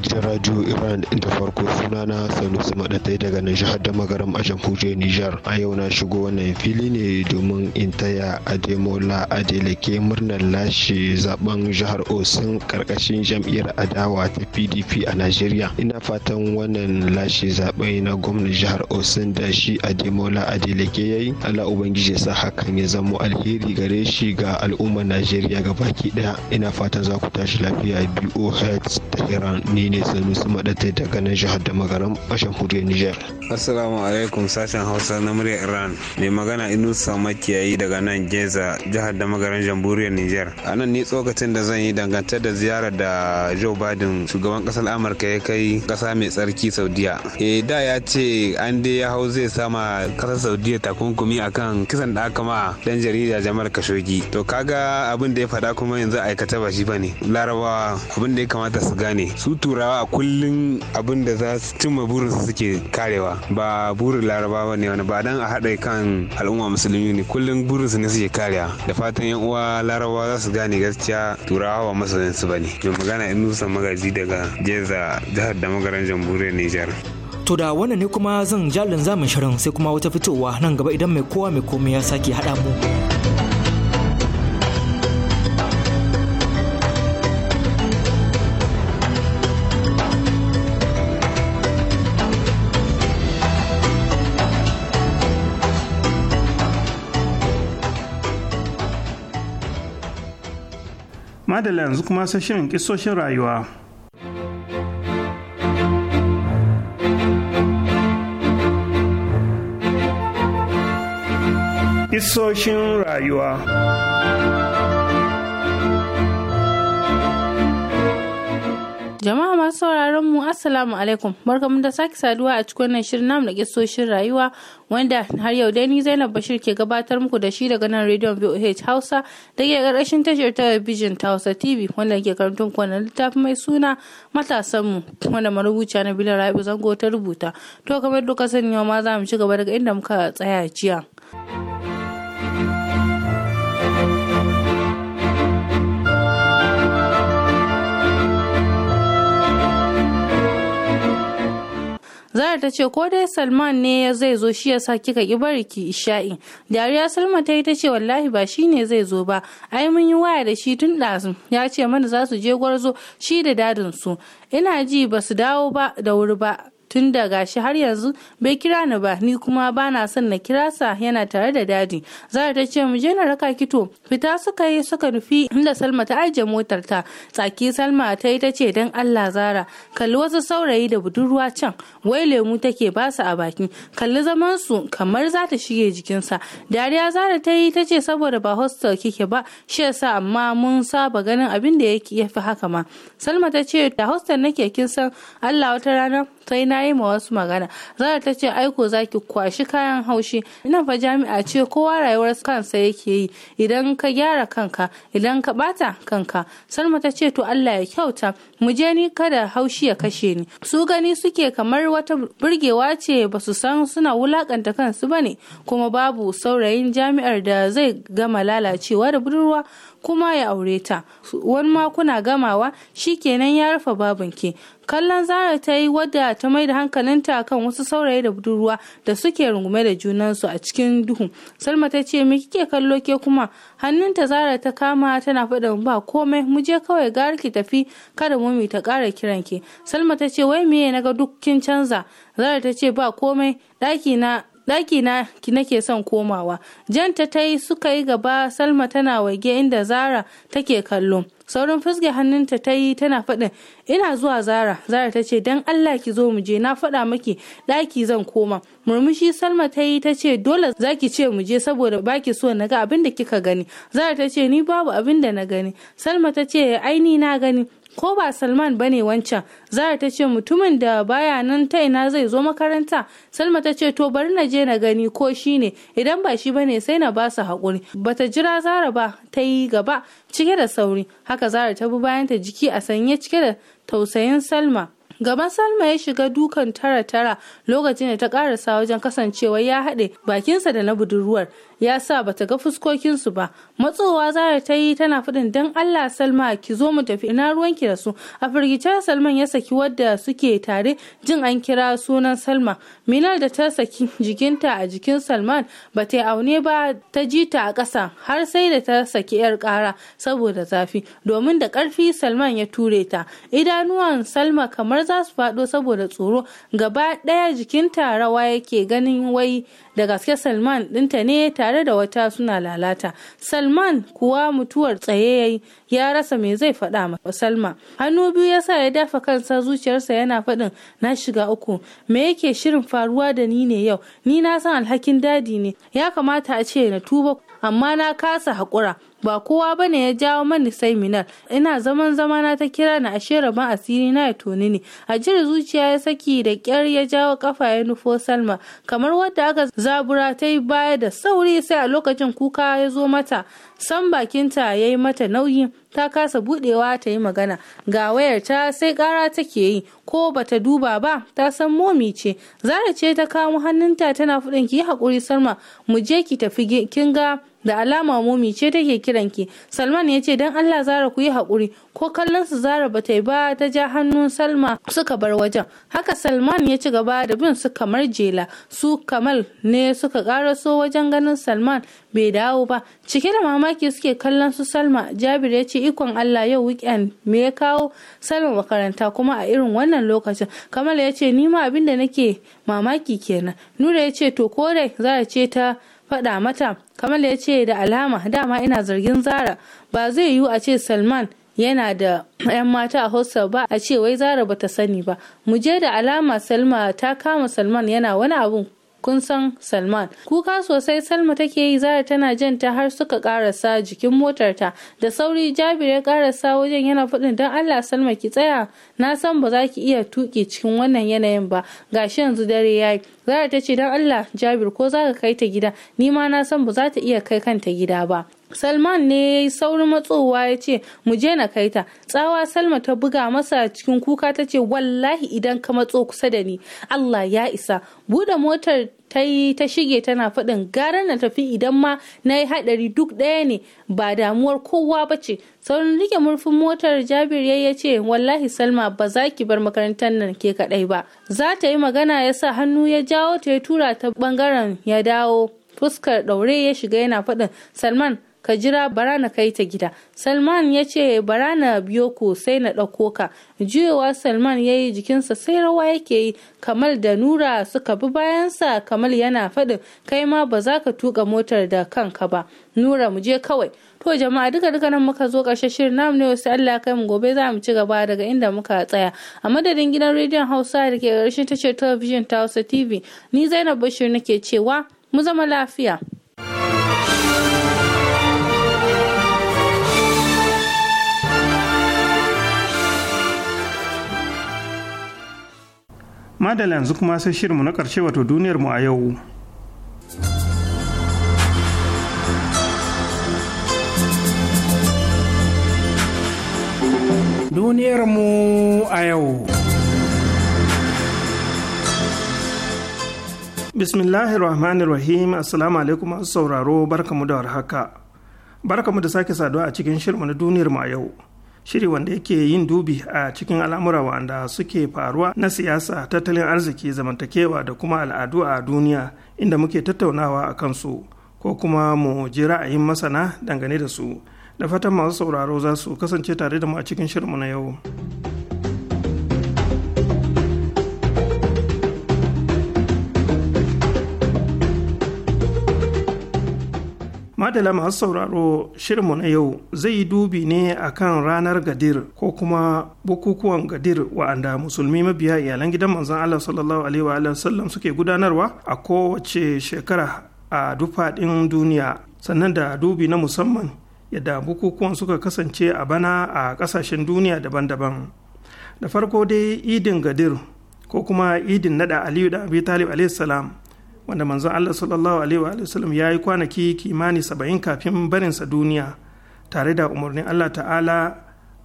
gidan radio iran da farko sunana sanusi maɗatai daga nan jihar da magaram a jamhuriyar nijar a yau na shigo wannan fili ne domin in taya ademola adeleke murnar lashe zaben jihar osun karkashin jam'iyyar adawa ta pdp a najeriya ina fatan wannan lashe zaben na gwamnan jihar osun da shi ademola adeleke ya yi allah ubangiji sa hakan ya zama alheri gare shi ga al'ummar najeriya gabaki daya ina fatan za ku tashi lafiya biyu heads ta iran ni ne ta madatai daga nan jihar da magaran bashan huriyar nijar assalamu alaikum sashen hausa na murya iran mai magana inu inusa makiyayi daga nan jeza jihar da magaran jamhuriyar nijar a nan ni tsokacin da zan yi dangantar da ziyarar da joe biden shugaban kasar amurka ya kai kasa mai tsarki saudiya e da ya ce an dai ya hau zai sama kasar saudiya takunkumi akan kisan da aka ma dan jarida jamar kashogi to kaga abin da ya faɗa kuma yanzu aikata ba shi bane larabawa abin da ya kamata su gane su turawa a kullum abin da za su cimma burinsu suke karewa ba burin larabawa ne wani ba dan a haɗa kan al'umma musulmi ne kullum burinsu ne suke karewa da fatan yan uwa larabawa za su gane gaskiya turawa ba masoyan su bane mai magana in nusa magaji daga jeza jihar da magaran jamhuriyar nijar to da wannan ne kuma zan jalin zamin shirin sai kuma wata fitowa nan gaba idan mai kowa mai komai ya sake haɗa mu. madala yanzu kuma sai shirin kisoshin rayuwa isoshin rayuwa masu sauraron mu assalamu alaikum barkamu da sake saduwa a cikin wannan shirin namu da kisoshin rayuwa wanda har yau dai ni Zainab Bashir ke gabatar muku da shi daga nan Radio VOH Hausa da ke karkashin tashar talabijin ta Hausa TV wanda ke karantun kwanan littafin mai suna matasan mu wanda marubuciya na Bilal Rabi Zango ta rubuta to kamar duka sani ma za mu ci gaba daga inda muka tsaya jiya. zara ta ce ko dai salman ne zai zo shi yasa kika ki bari ki isha'i dariya salma ta yi ta ce wallahi ba shi ne zai zo ba ai mun yi waya da shi tun ɗazu ya ce mana za su je gwarzo shi da dadin su ina ji ba su dawo ba da wuri ba tun da gashi har yanzu bai kira ni ba ni kuma ba na son na kira sa yana tare da dadi zara ta ce mu je na raka kito fita suka yi suka nufi inda salma ta ajiye motar ta tsaki salma ta yi ta ce dan allah zara kalli wasu saurayi da budurwa can wai lemu take ba su a baki kalli zaman su kamar za ta shige jikinsa dariya zara ta yi ta ce saboda ba hostel kike ba shi yasa amma mun saba ganin abin da yake yafi haka ma salma ta ce da hostel nake kin san allah wata rana sai na yi ma wasu magana zara ta ce aiko zaki kwashi kayan haushi ina fa jami'a ce kowa rayuwar kansa yake yi idan ka gyara kanka idan ka bata kanka salma ta ce to allah ya kyauta mu je ni kada haushi ya kashe ni su gani suke kamar wata burgewa ce ba su san suna wulakanta kansu bane kuma babu saurayin jami'ar da zai gama lalacewa da budurwa kuma ya aure ta wani ma kuna gamawa kenan ya rufe babanki kallon zara ta yi wadda ta mai da hankalinta kan wasu saurayi da budurwa da suke rungume da junansu a cikin duhu salma ta ce me kike kallo ke kuma hannunta zara ta kama tana faɗa ba komai mu je kawai gara ki tafi kada mu mi ta ƙara kiranki salma ta ce wai meye naga duk kin canza zara ta ce ba komai ɗaki na ɗaki na ki nake son komawa Jan ta yi suka yi gaba salma tana wage inda zara take kallo saurin fuske hannunta ta yi tana faɗin ina zuwa zara zara ta ce don allah ki zo mu je na faɗa maki ɗaki zan koma murmushi salma ta yi ta ce dole za ki ce mu je saboda baki so na ga abin da kika gani zara ta ce ni babu abin da na gani salma ta ce aini na gani ko ba salman bane wancan zara ta ce mutumin da baya nan ta ina zai zo makaranta salma ta ce to bari na je na gani ko shi ne idan ba shi bane sai na ba su haƙuri bata jira zara ba ta yi gaba cike da sauri haka zara ta bi bayan ta jiki a sanye cike da tausayin salma gaban salma ya shiga dukan tara tara lokacin da ta karasa wajen kasancewa ya haɗe bakinsa da na budurwar ya sa bata ga fuskokinsu ba matsowa zara ta yi tana fudin dan allah salma ki zo mu tafi ina ruwanki da su a firgice salman ya saki wadda suke tare jin an kira sunan salma minal da ta saki jikinta a jikin salman ba ta aune ba ta ji ta a ƙasa har sai da ta saki yar ƙara saboda zafi domin da ƙarfi salman ya ture ta idanuwan salma kamar za su faɗo saboda tsoro gaba ɗaya jikinta rawa yake ganin wai da gaske salman dinta ne tare da wata suna lalata salman kuwa mutuwar tsaye ya rasa me zai faɗa ma salma hannu biyu ya sa ya dafa kansa zuciyarsa yana faɗin na shiga uku me yake shirin faruwa da ni ne yau ni na san alhakin dadi ne ya kamata a ce na tuba amma na kasa haƙura ba kowa ba ne ya jawo mani sai minar ina zaman zamana ta kira na ashe rabon asiri na ya tuni ne a jira zuciya ya saki da kyar ya jawo kafa ya nufo salma kamar wadda aka zabura ta yi baya da sauri sai a lokacin kuka ya zo mata san bakinta ya yi mata nauyi ta kasa budewa ta yi magana ga wayarta sai kara take yi ko bata duba ba ta san momi ce zara ce ta kamo hannunta tana fudin ki yi hakuri salma mu je ki tafi kin ga da alama momi ce take kiran ki salman ya ce don allah zara ku yi haƙuri ko kallon su zara ba ta yi ba ta ja hannun salma suka bar wajen haka salman ya ci gaba da bin su kamar jela su kamal ne suka karaso wajen ganin salman bai dawo ba cike da mamaki suke kallon su salma jabir ya ce ikon allah yau weekend me ya kawo salma makaranta kuma a irin wannan lokacin kamal ya ce ni ma abin da nake mamaki kenan nura ya ce to kore zara ce ta faɗa mata kamal ya ce da alama dama ina zargin zara ba zai yiwu a ce salman yana da 'yan mata a hostel ba a ce wai zara bata sani ba mu je da alama salma ta kama salman yana wani abun kun san salman kuka sosai salma take yi zara tana jin ta har suka karasa jikin motarta da sauri jabir ya karasa wajen yana faɗin don allah salma ki tsaya na san ba za ki iya tuki cikin wannan yanayin ba gashi yanzu dare yayi zara ta ce don allah jabir ko za ka kai ta gida ni ma na san ba za ta iya kai kanta gida ba Salman ne ya yi saurin matsowa ya ce mu je na kai ta. Tsawa Salma ta buga masa cikin kuka ta ce wallahi idan ka matso kusa da ni Allah ya isa. Bude motar ta yi ta shige tana faɗin gara na tafi idan ma na yi haɗari duk ɗaya ne ba damuwar kowa ba ce. Saurin rike murfin motar Jabir ya ce wallahi Salma ba za ki bar makarantar nan ke kaɗai ba. Za ta yi magana ya sa hannu ya jawo ta ya tura ta bangaren ya dawo. Fuskar ɗaure ya shiga yana faɗin Salman ka jira bara na kai ta gida salman ya ce bara na biyo ku sai na ɗauko ka juyowa salman ya yi jikinsa sai rawa yake yi kamal da nura suka bi bayansa kamal yana faɗin kai ma ba za ka tuka motar da kanka ba nura mu je kawai to jama'a duka duka nan muka zo ƙarshe shirin namu ne wasu Allah kai mu gobe za mu ci gaba daga inda muka tsaya a madadin gidan rediyon Hausa da ke ƙarshen tashar talabijin ta Hausa TV ni Zainab Bashir nake cewa mu zama lafiya. madala yanzu kuma sai shirinmu na ƙarshe wato duniyarmu a yau duniyarmu a yau bismillahir rahmanir rahim assalamu alaikum masu sauraro barkamu da warhaka barkamu da sake saduwa a cikin shirinmu na duniyarmu a yau shiri wanda yake yin dubi a cikin al'amura wanda suke faruwa na siyasa tattalin arziki zamantakewa da kuma al'adu a duniya inda muke tattaunawa a kansu ko kuma mu ji ra'ayin masana dangane da su da fatan masu sauraro za su kasance tare da mu a cikin shirinmu na yau. adala masu sauraro shirinmu na yau zai yi dubi ne akan ranar gadir ko kuma bukukuwan gadir wa'anda musulmi mabiya iyalan gidan manzon Allah sallallahu alaihi wa sallam suke gudanarwa a kowace shekara a dufaɗin duniya sannan da dubi na musamman yadda bukukuwan suka kasance a bana a ƙasashen duniya daban-daban da farko dai idin gadir ko kuma idin nada aliyu da abi talib alaihi salam wanda manzon Allah sallallahu alaihi wa sallam ya yi kwanaki kimani saba'in kafin barinsa duniya tare da umarnin Allah ta'ala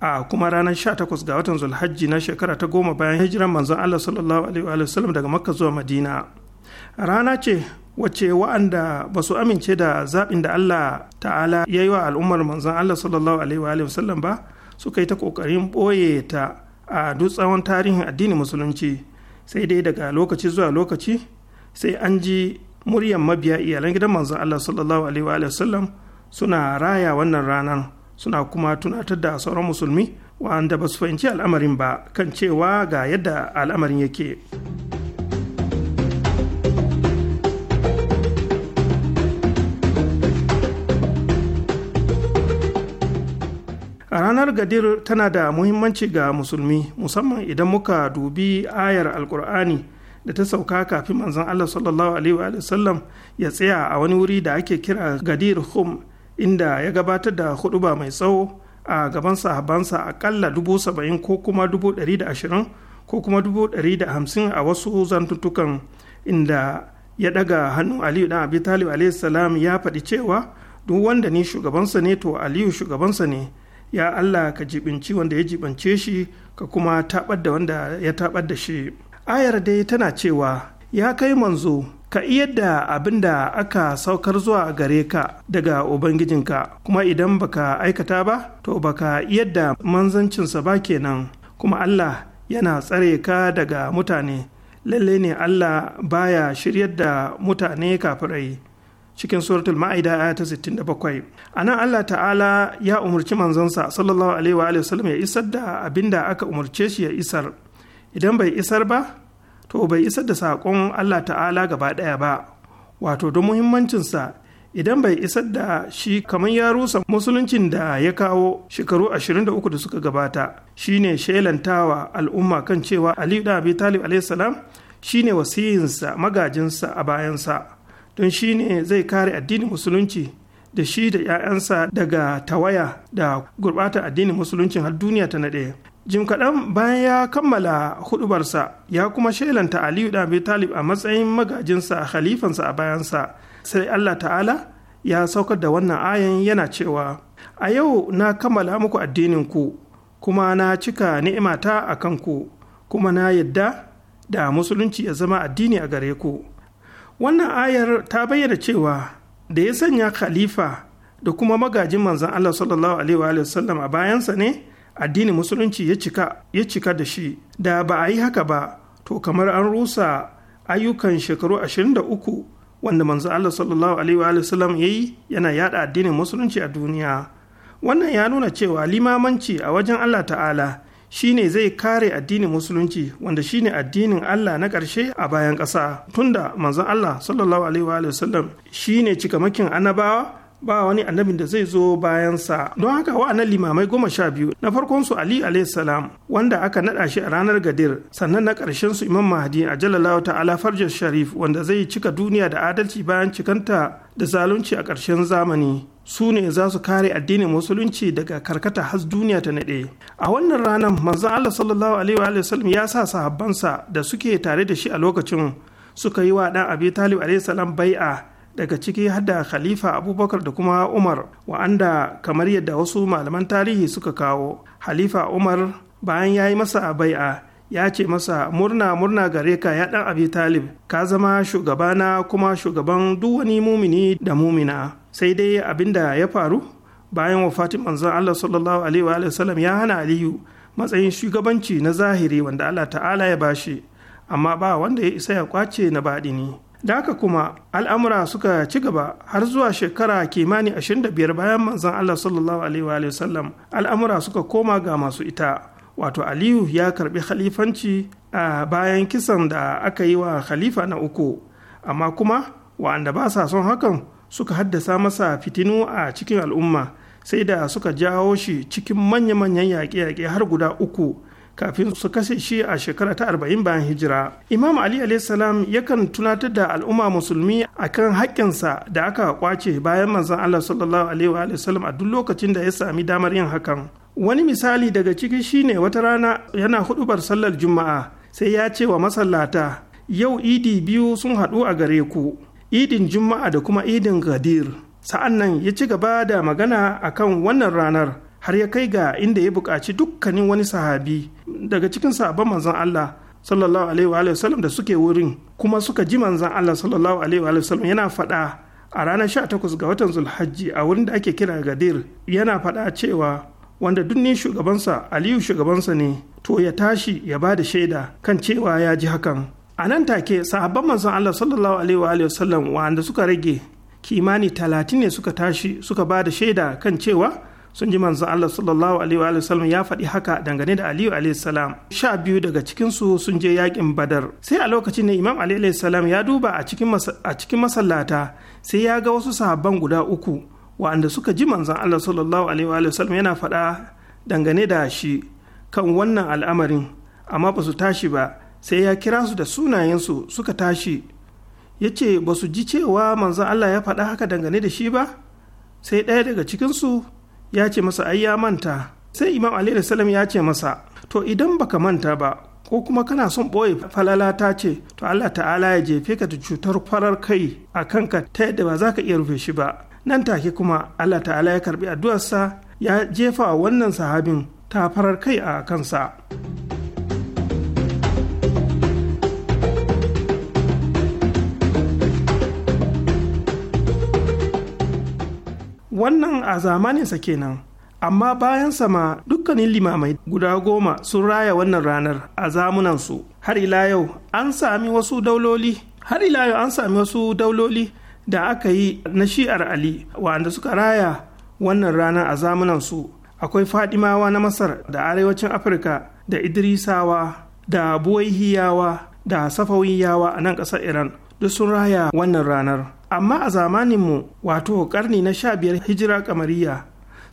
a kuma ranar 18 ga watan zulhajji na shekara ta goma bayan hijiran manzon Allah sallallahu alaihi wa sallam daga makka zuwa madina rana ce wacce wa'anda ba su amince da zaɓin da Allah ta'ala ya yi wa al'ummar manzon Allah sallallahu alaihi wa sallam ba suka yi ta ƙoƙarin ɓoye ta a duk tsawon tarihin addinin musulunci sai dai daga lokaci zuwa lokaci sai an ji muryan mabiya iyalan gidan manzon Allah sallallahu alaihi wa sallam suna raya wannan ranar suna kuma tunatar da sauran musulmi wa'anda ba su fahimci al'amarin ba kan cewa ga yadda al'amarin yake. ranar gadir tana da muhimmanci ga musulmi musamman idan muka dubi ayar alkur'ani da ta sauka kafin manzon Allah sallallahu alaihi wa sallam ya tsaya a wani wuri da ake kira Gadir Hum inda ya gabatar da huduba mai tsawo a gaban sahabansa akalla dubu saba'in ko kuma dubu ɗari da ashirin ko kuma dubu ɗari da hamsin a wasu zantuntukan inda ya daga hannu Aliyu dan Abi Talib alaihi salam ya faɗi cewa duk wanda ni shugabansa ne to Aliyu shugabansa ne ya Allah ka jibinci wanda ya jibance shi ka kuma tabar da wanda ya taɓar da shi. ayar dai tana cewa ya kai manzo ka iya da abin da aka saukar zuwa gare ka daga ubangijinka kuma idan baka aikata ba to baka yadda manzancinsa ba kenan kuma allah yana tsare ka daga mutane lalle ne allah baya shiryar da mutane kafirai cikin suratul ma'ida aya ta 67 anan Allah ta'ala ya umarci manzonsa sallallahu alaihi wa sallam ya isar da abinda aka umarce shi ya isar idan bai isar ba to bai isar da sakon allah ta'ala gaba ɗaya ba wato da muhimmancinsa idan bai isar da shi kamar ya rusa musuluncin da ya kawo shekaru 23 da suka gabata shine shelantawa al'umma kan cewa aliyu da abi talib alaihissalam shine wasiyinsa magajinsa a bayansa don shine zai kare addinin musulunci da shi da 'ya'yansa daga tawaya da gurbata addinin musuluncin har duniya ta naɗe jim kaɗan bayan ya kammala hudubarsa ya kuma shelanta aliyu da abi talib a matsayin magajinsa khalifansa a bayansa sai allah ta'ala ya saukar da wannan ayan yana cewa a yau na kammala muku addininku kuma na cika ni'imata a kanku kuma na yadda da musulunci ya zama addini a gare ku wannan ayar ta bayyana cewa da ya sanya khalifa da kuma magajin manzon allah sallallahu alaihi wa sallam a bayansa ne addinin musulunci ya cika da shi da ba a yi haka ba to kamar an rusa ayyukan shekaru 23 wanda manzo Allah sallallahu alaihi wa sallam yayi yana yada addinin musulunci a duniya wannan ya nuna cewa limamanci a wajen Allah ta'ala shine zai kare addinin musulunci wanda shine addinin Allah na ƙarshe a bayan ƙasa tunda manzon Allah sallallahu alaihi wa sallam shine cikamakin annabawa ba wani annabin da zai zo bayansa don haka wa'annan limamai goma sha biyu na farkon su ali salam wanda aka naɗa shi a ranar gadir sannan na ƙarshen su imam mahdi a jalalawa ala farjar sharif wanda zai cika duniya da adalci bayan cikanta da zalunci a ƙarshen zamani su ne za su kare addinin musulunci daga karkata has duniya ta naɗe a wannan ranar manzon allah sallallahu alaihi wa sallam ya sa sahabbansa da suke tare da shi a lokacin suka yi wa ɗan abi talib alaihi bai'a daga ciki hadda khalifa abubakar da kuma umar wa'anda kamar yadda wasu malaman tarihi suka kawo khalifa umar bayan ya yi masa bai'a ya ce masa murna murna gare ka ya dan abi talib ka zama shugabana kuma shugaban duk wani mumini da mumina sai dai abinda ya faru bayan wafatin manzon Allah sallallahu alaihi wa sallam ya hana aliyu matsayin shugabanci na zahiri wanda Allah ta'ala ya bashi amma ba wanda ya isa ya kwace na baɗi ne. da haka kuma al'amura suka ci gaba har zuwa shekara kimanin 25 bayan manzon Allah sallallahu alaihi sallam al'amura suka koma ga masu ita wato aliyu ya karbi khalifanci a bayan kisan da aka yi wa khalifa na uku amma kuma wa'anda ba sa son hakan suka haddasa masa fitinu a cikin al'umma sai da suka jawo shi cikin manya-manyan yaƙe-yaƙe har guda uku kafin su kashe shi a shekara ta arba'in bayan hijira imam ali salam yakan tunatar da al'umma musulmi akan haƙƙinsa da aka kwace bayan manzon allah sallallahu alaihi wa a duk lokacin da ya sami damar yin hakan wani misali daga ciki shine wata rana yana hudubar sallar juma'a sai ya ce wa masallata yau idi biyu sun haɗu a gare ku idin juma'a da kuma idin gadir sa'an nan ya ci gaba da magana akan wannan ranar har ya kai ga inda ya buƙaci dukkanin wani sahabi daga cikin sahabban manzon Allah sallallahu alaihi wa sallam da suke wurin kuma suka ji manzon Allah sallallahu alaihi wa sallam yana faɗa a ranar 18 ga watan Zulhajji a wurin da ake kira Gadir yana faɗa cewa wanda duk ni shugabansa Aliyu shugabansa ne to ya tashi ya ba da shaida kan cewa ya ji hakan a nan take sahabban manzon Allah sallallahu alaihi wa sallam wanda suka rage kimani talatin ne suka tashi suka ba da shaida kan cewa sun ji manzon Allah sallallahu alaihi wa sallam ya faɗi haka dangane da Aliyu alaihi salam sha biyu daga cikin su sun je yakin Badar sai a lokacin ne Imam Ali alaihi salam ya duba a cikin a cikin masallata sai ya ga wasu sahabban guda uku waɗanda suka ji manzon Allah sallallahu alaihi wa sallam yana faɗa dangane da shi kan wannan al'amarin amma ba su tashi ba sai ya kira su da sunayen su suka tashi ya ce ba su ji cewa manzon Allah ya faɗa haka dangane da shi ba sai ɗaya daga cikinsu ya ce masa ai ya manta sai imam da salam ya ce masa to idan baka manta ba ko kuma kana son ɓoye falala ta ce to Allah ta'ala ya jefe ka da cutar farar kai a kanka ta yadda ba za ka iya rufe shi ba nan take kuma Allah ta'ala ya karbi addu'arsa ya jefa wannan sahabin ta farar kai a kansa. wannan a zamaninsa kenan amma bayan sama dukkanin limamai guda goma sun raya wannan ranar a zamunansu har ila yau an sami wasu dauloli har ila yau an sami wasu dauloli da aka yi na shi'ar ali wanda suka raya wannan ranar a zamunansu akwai fadimawa na masar da arewacin afirka da idrisawa da buwaihiyawa da safawiyawa a nan ƙasar iran duk sun raya wannan ranar amma a zamaninmu wato karni na sha biyar hijira kamariya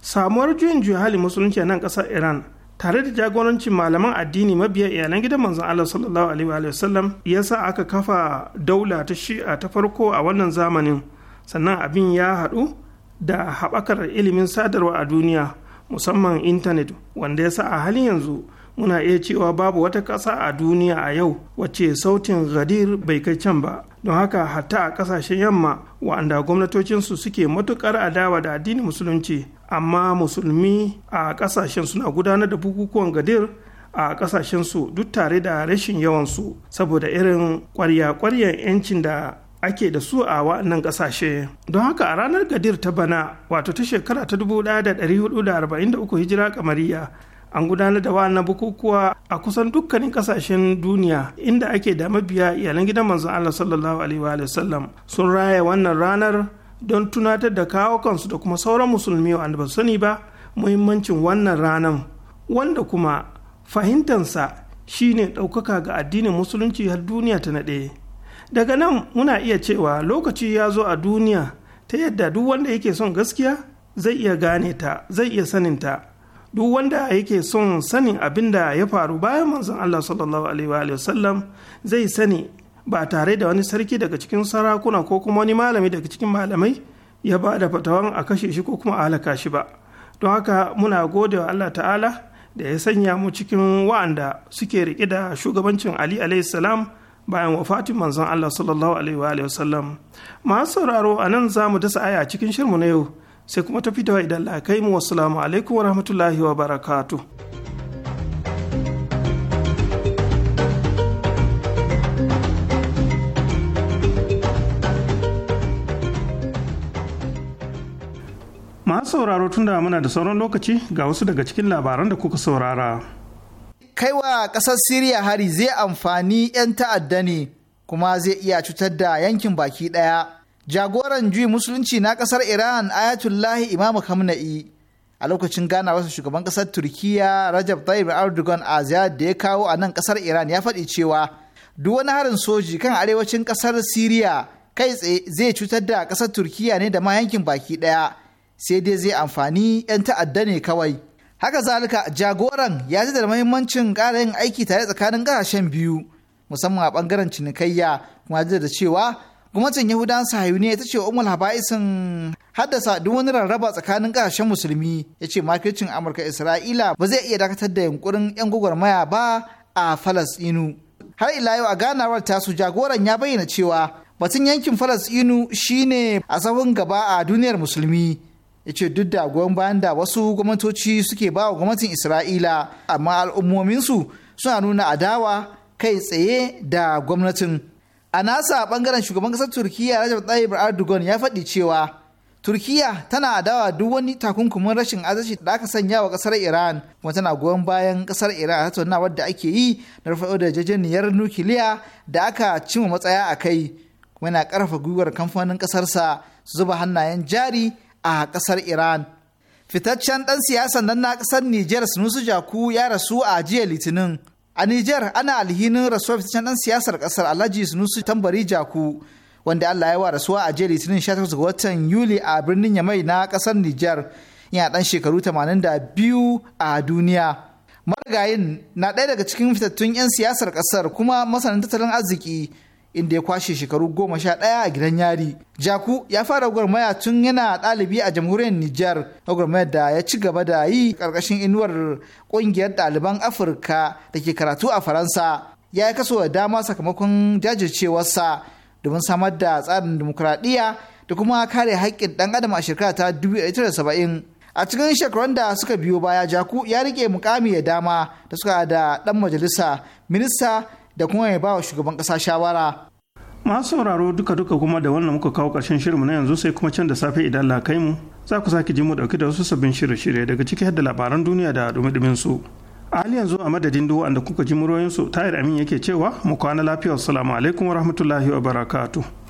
samuwar juyin juya hali musulunci a nan ƙasar iran tare da jagorancin malaman addini mabiya iyalan gidan manzon Allah sallallahu alaihi wa sallam sa aka kafa daula ta shi'a ta farko a wannan zamanin sannan abin ya haɗu da haɓakar ilimin sadarwa a duniya musamman intanet wanda ya sa a halin yanzu muna iya cewa babu wata ƙasa a duniya a yau wacce sautin gadir bai kai can ba don haka hatta a kasashen yamma wa'anda gwamnatocinsu suke matukar adawa da addinin musulunci amma musulmi a kasashen suna gudanar da bukukuwan gadir a kasashensu duk tare da rashin yawansu saboda irin ƙwarya kwaryan 'yancin da ake da su a wa'annan ƙasashe. don haka a ranar gadir ta bana wato ta shekara ta 1443 hijira kamariya an gudanar da wa'annan bukukuwa a kusan dukkanin kasashen duniya inda ake da mabiya iyalan gidan manzon Allah sallallahu alaihi wa sallam sun raya wannan ranar don tunatar da kawo kansu da kuma sauran musulmi wanda ba sani ba muhimmancin wannan ranar wanda kuma fahimtansa shine ɗaukaka ga addinin musulunci har duniya ta naɗe daga nan muna iya cewa lokaci ya zo a duniya ta yadda duk wanda yake son gaskiya zai iya gane ta zai iya sanin ta. duk wanda yake son sanin abin da ya faru bayan manzon Allah sallallahu alaihi wa sallam zai sani ba tare da wani sarki daga cikin sarakuna ko kuma wani malami daga cikin malamai ya ba da fatawan a kashe shi ko kuma a halaka shi ba don haka muna gode wa Allah ta'ala da ya sanya mu cikin wa'anda suke riƙe da shugabancin Ali alaihi salam bayan wafatin manzon Allah sallallahu alaihi wa sallam masu sauraro a nan za dasa aya cikin shirmu na yau sai kuma ta fitowa idan la kai mu wassalamu alaikum wa rahmatullahi wa barakatu masu sauraro tunda muna da sauran lokaci ga wasu daga cikin labaran da kuka saurara. Kaiwa ƙasar Siriya hari zai amfani 'yan ta'adda ne kuma zai iya cutar da yankin baki ɗaya. jagoran juyin musulunci na kasar iran ayatullah imamu hamna'i a lokacin ganawarsa shugaban kasar turkiya rajab tayyip erdogan a ziyar da ya kawo a nan kasar iran ya faɗi cewa duk wani harin soji kan arewacin kasar siriya kai tsaye zai cutar da kasar turkiya ne da ma yankin baki ɗaya sai dai zai amfani 'yan ta'adda ne kawai haka zalika jagoran ya ji da mahimmancin ƙara yin aiki tare tsakanin ƙasashen biyu musamman a ɓangaren cinikayya kuma da cewa gwamnatin yahudan ne ita ce umar haba'isin haddasa duk wani rarraba tsakanin ƙasashen musulmi ya ce makircin amurka isra'ila ba zai iya dakatar da yunkurin yan gwagwarmaya ba a falasɗinu har ila yau a ganawar tasu jagoran ya bayyana cewa batun yankin falasɗinu shine a sahun gaba a duniyar musulmi ya ce duk da goyon bayan da wasu gwamnatoci suke ba wa gwamnatin isra'ila amma al'ummominsu suna nuna adawa kai tsaye da gwamnatin a nasa a bangaren shugaban kasar turkiya rajab tayyip erdogan ya faɗi cewa Turkiyya tana adawa duk wani takunkumin rashin azashi da aka sanya wa kasar iran kuma tana goyon bayan kasar iran a tattaunawar wadda ake yi na rufe da jajeniyar nukiliya da aka cima matsaya a kai kuma yana karfafa gwiwar kamfanin kasarsa su zuba hannayen jari a kasar iran fitaccen ɗan siyasa nan na kasar niger sunusu jaku ya rasu a jiya litinin a Nijar ana alhinin rasuwar fitaccen dan siyasar kasar Alhaji Sunusu Tambari Jaku wanda Allah ya wa rasuwa a jiya Litinin 18 ga watan Yuli a birnin Yamai na ƙasar Nijar yana ɗan shekaru 82 a duniya. Marigayin na ɗaya daga cikin fitattun 'yan siyasar kasar kuma masanin tattalin arziki inda ya kwashe shekaru goma sha ɗaya a gidan yari. Jaku ya fara gwarmaya tun yana ɗalibi a jamhuriyar Nijar, gwarmayar da ya ci gaba da yi ƙarƙashin inuwar ƙungiyar ɗaliban Afirka da ke karatu a Faransa. Ya yi kaso da dama sakamakon jajircewarsa domin samar da tsarin dimokuraɗiyya da kuma kare haƙƙin ɗan adam a shekara ta 1970. A cikin shekarun da suka biyo baya Jaku ya rike mukami da dama da suka da ɗan majalisa, minista da kuma ya ba wa shugaban ƙasa shawara. Masu sauraro duka-duka kuma da wannan muka kawo ƙarshen shirinmu na yanzu sai kuma can da safe idan la kai mu za ku sake ji mu ɗauki da wasu sabbin shirye-shirye daga ciki da labaran duniya da dumi-dumin su. A hali yanzu a madadin duwa wanda kuka ji su tayar amin yake cewa mu kwana lafiya assalamu alaikum wa rahmatullahi wa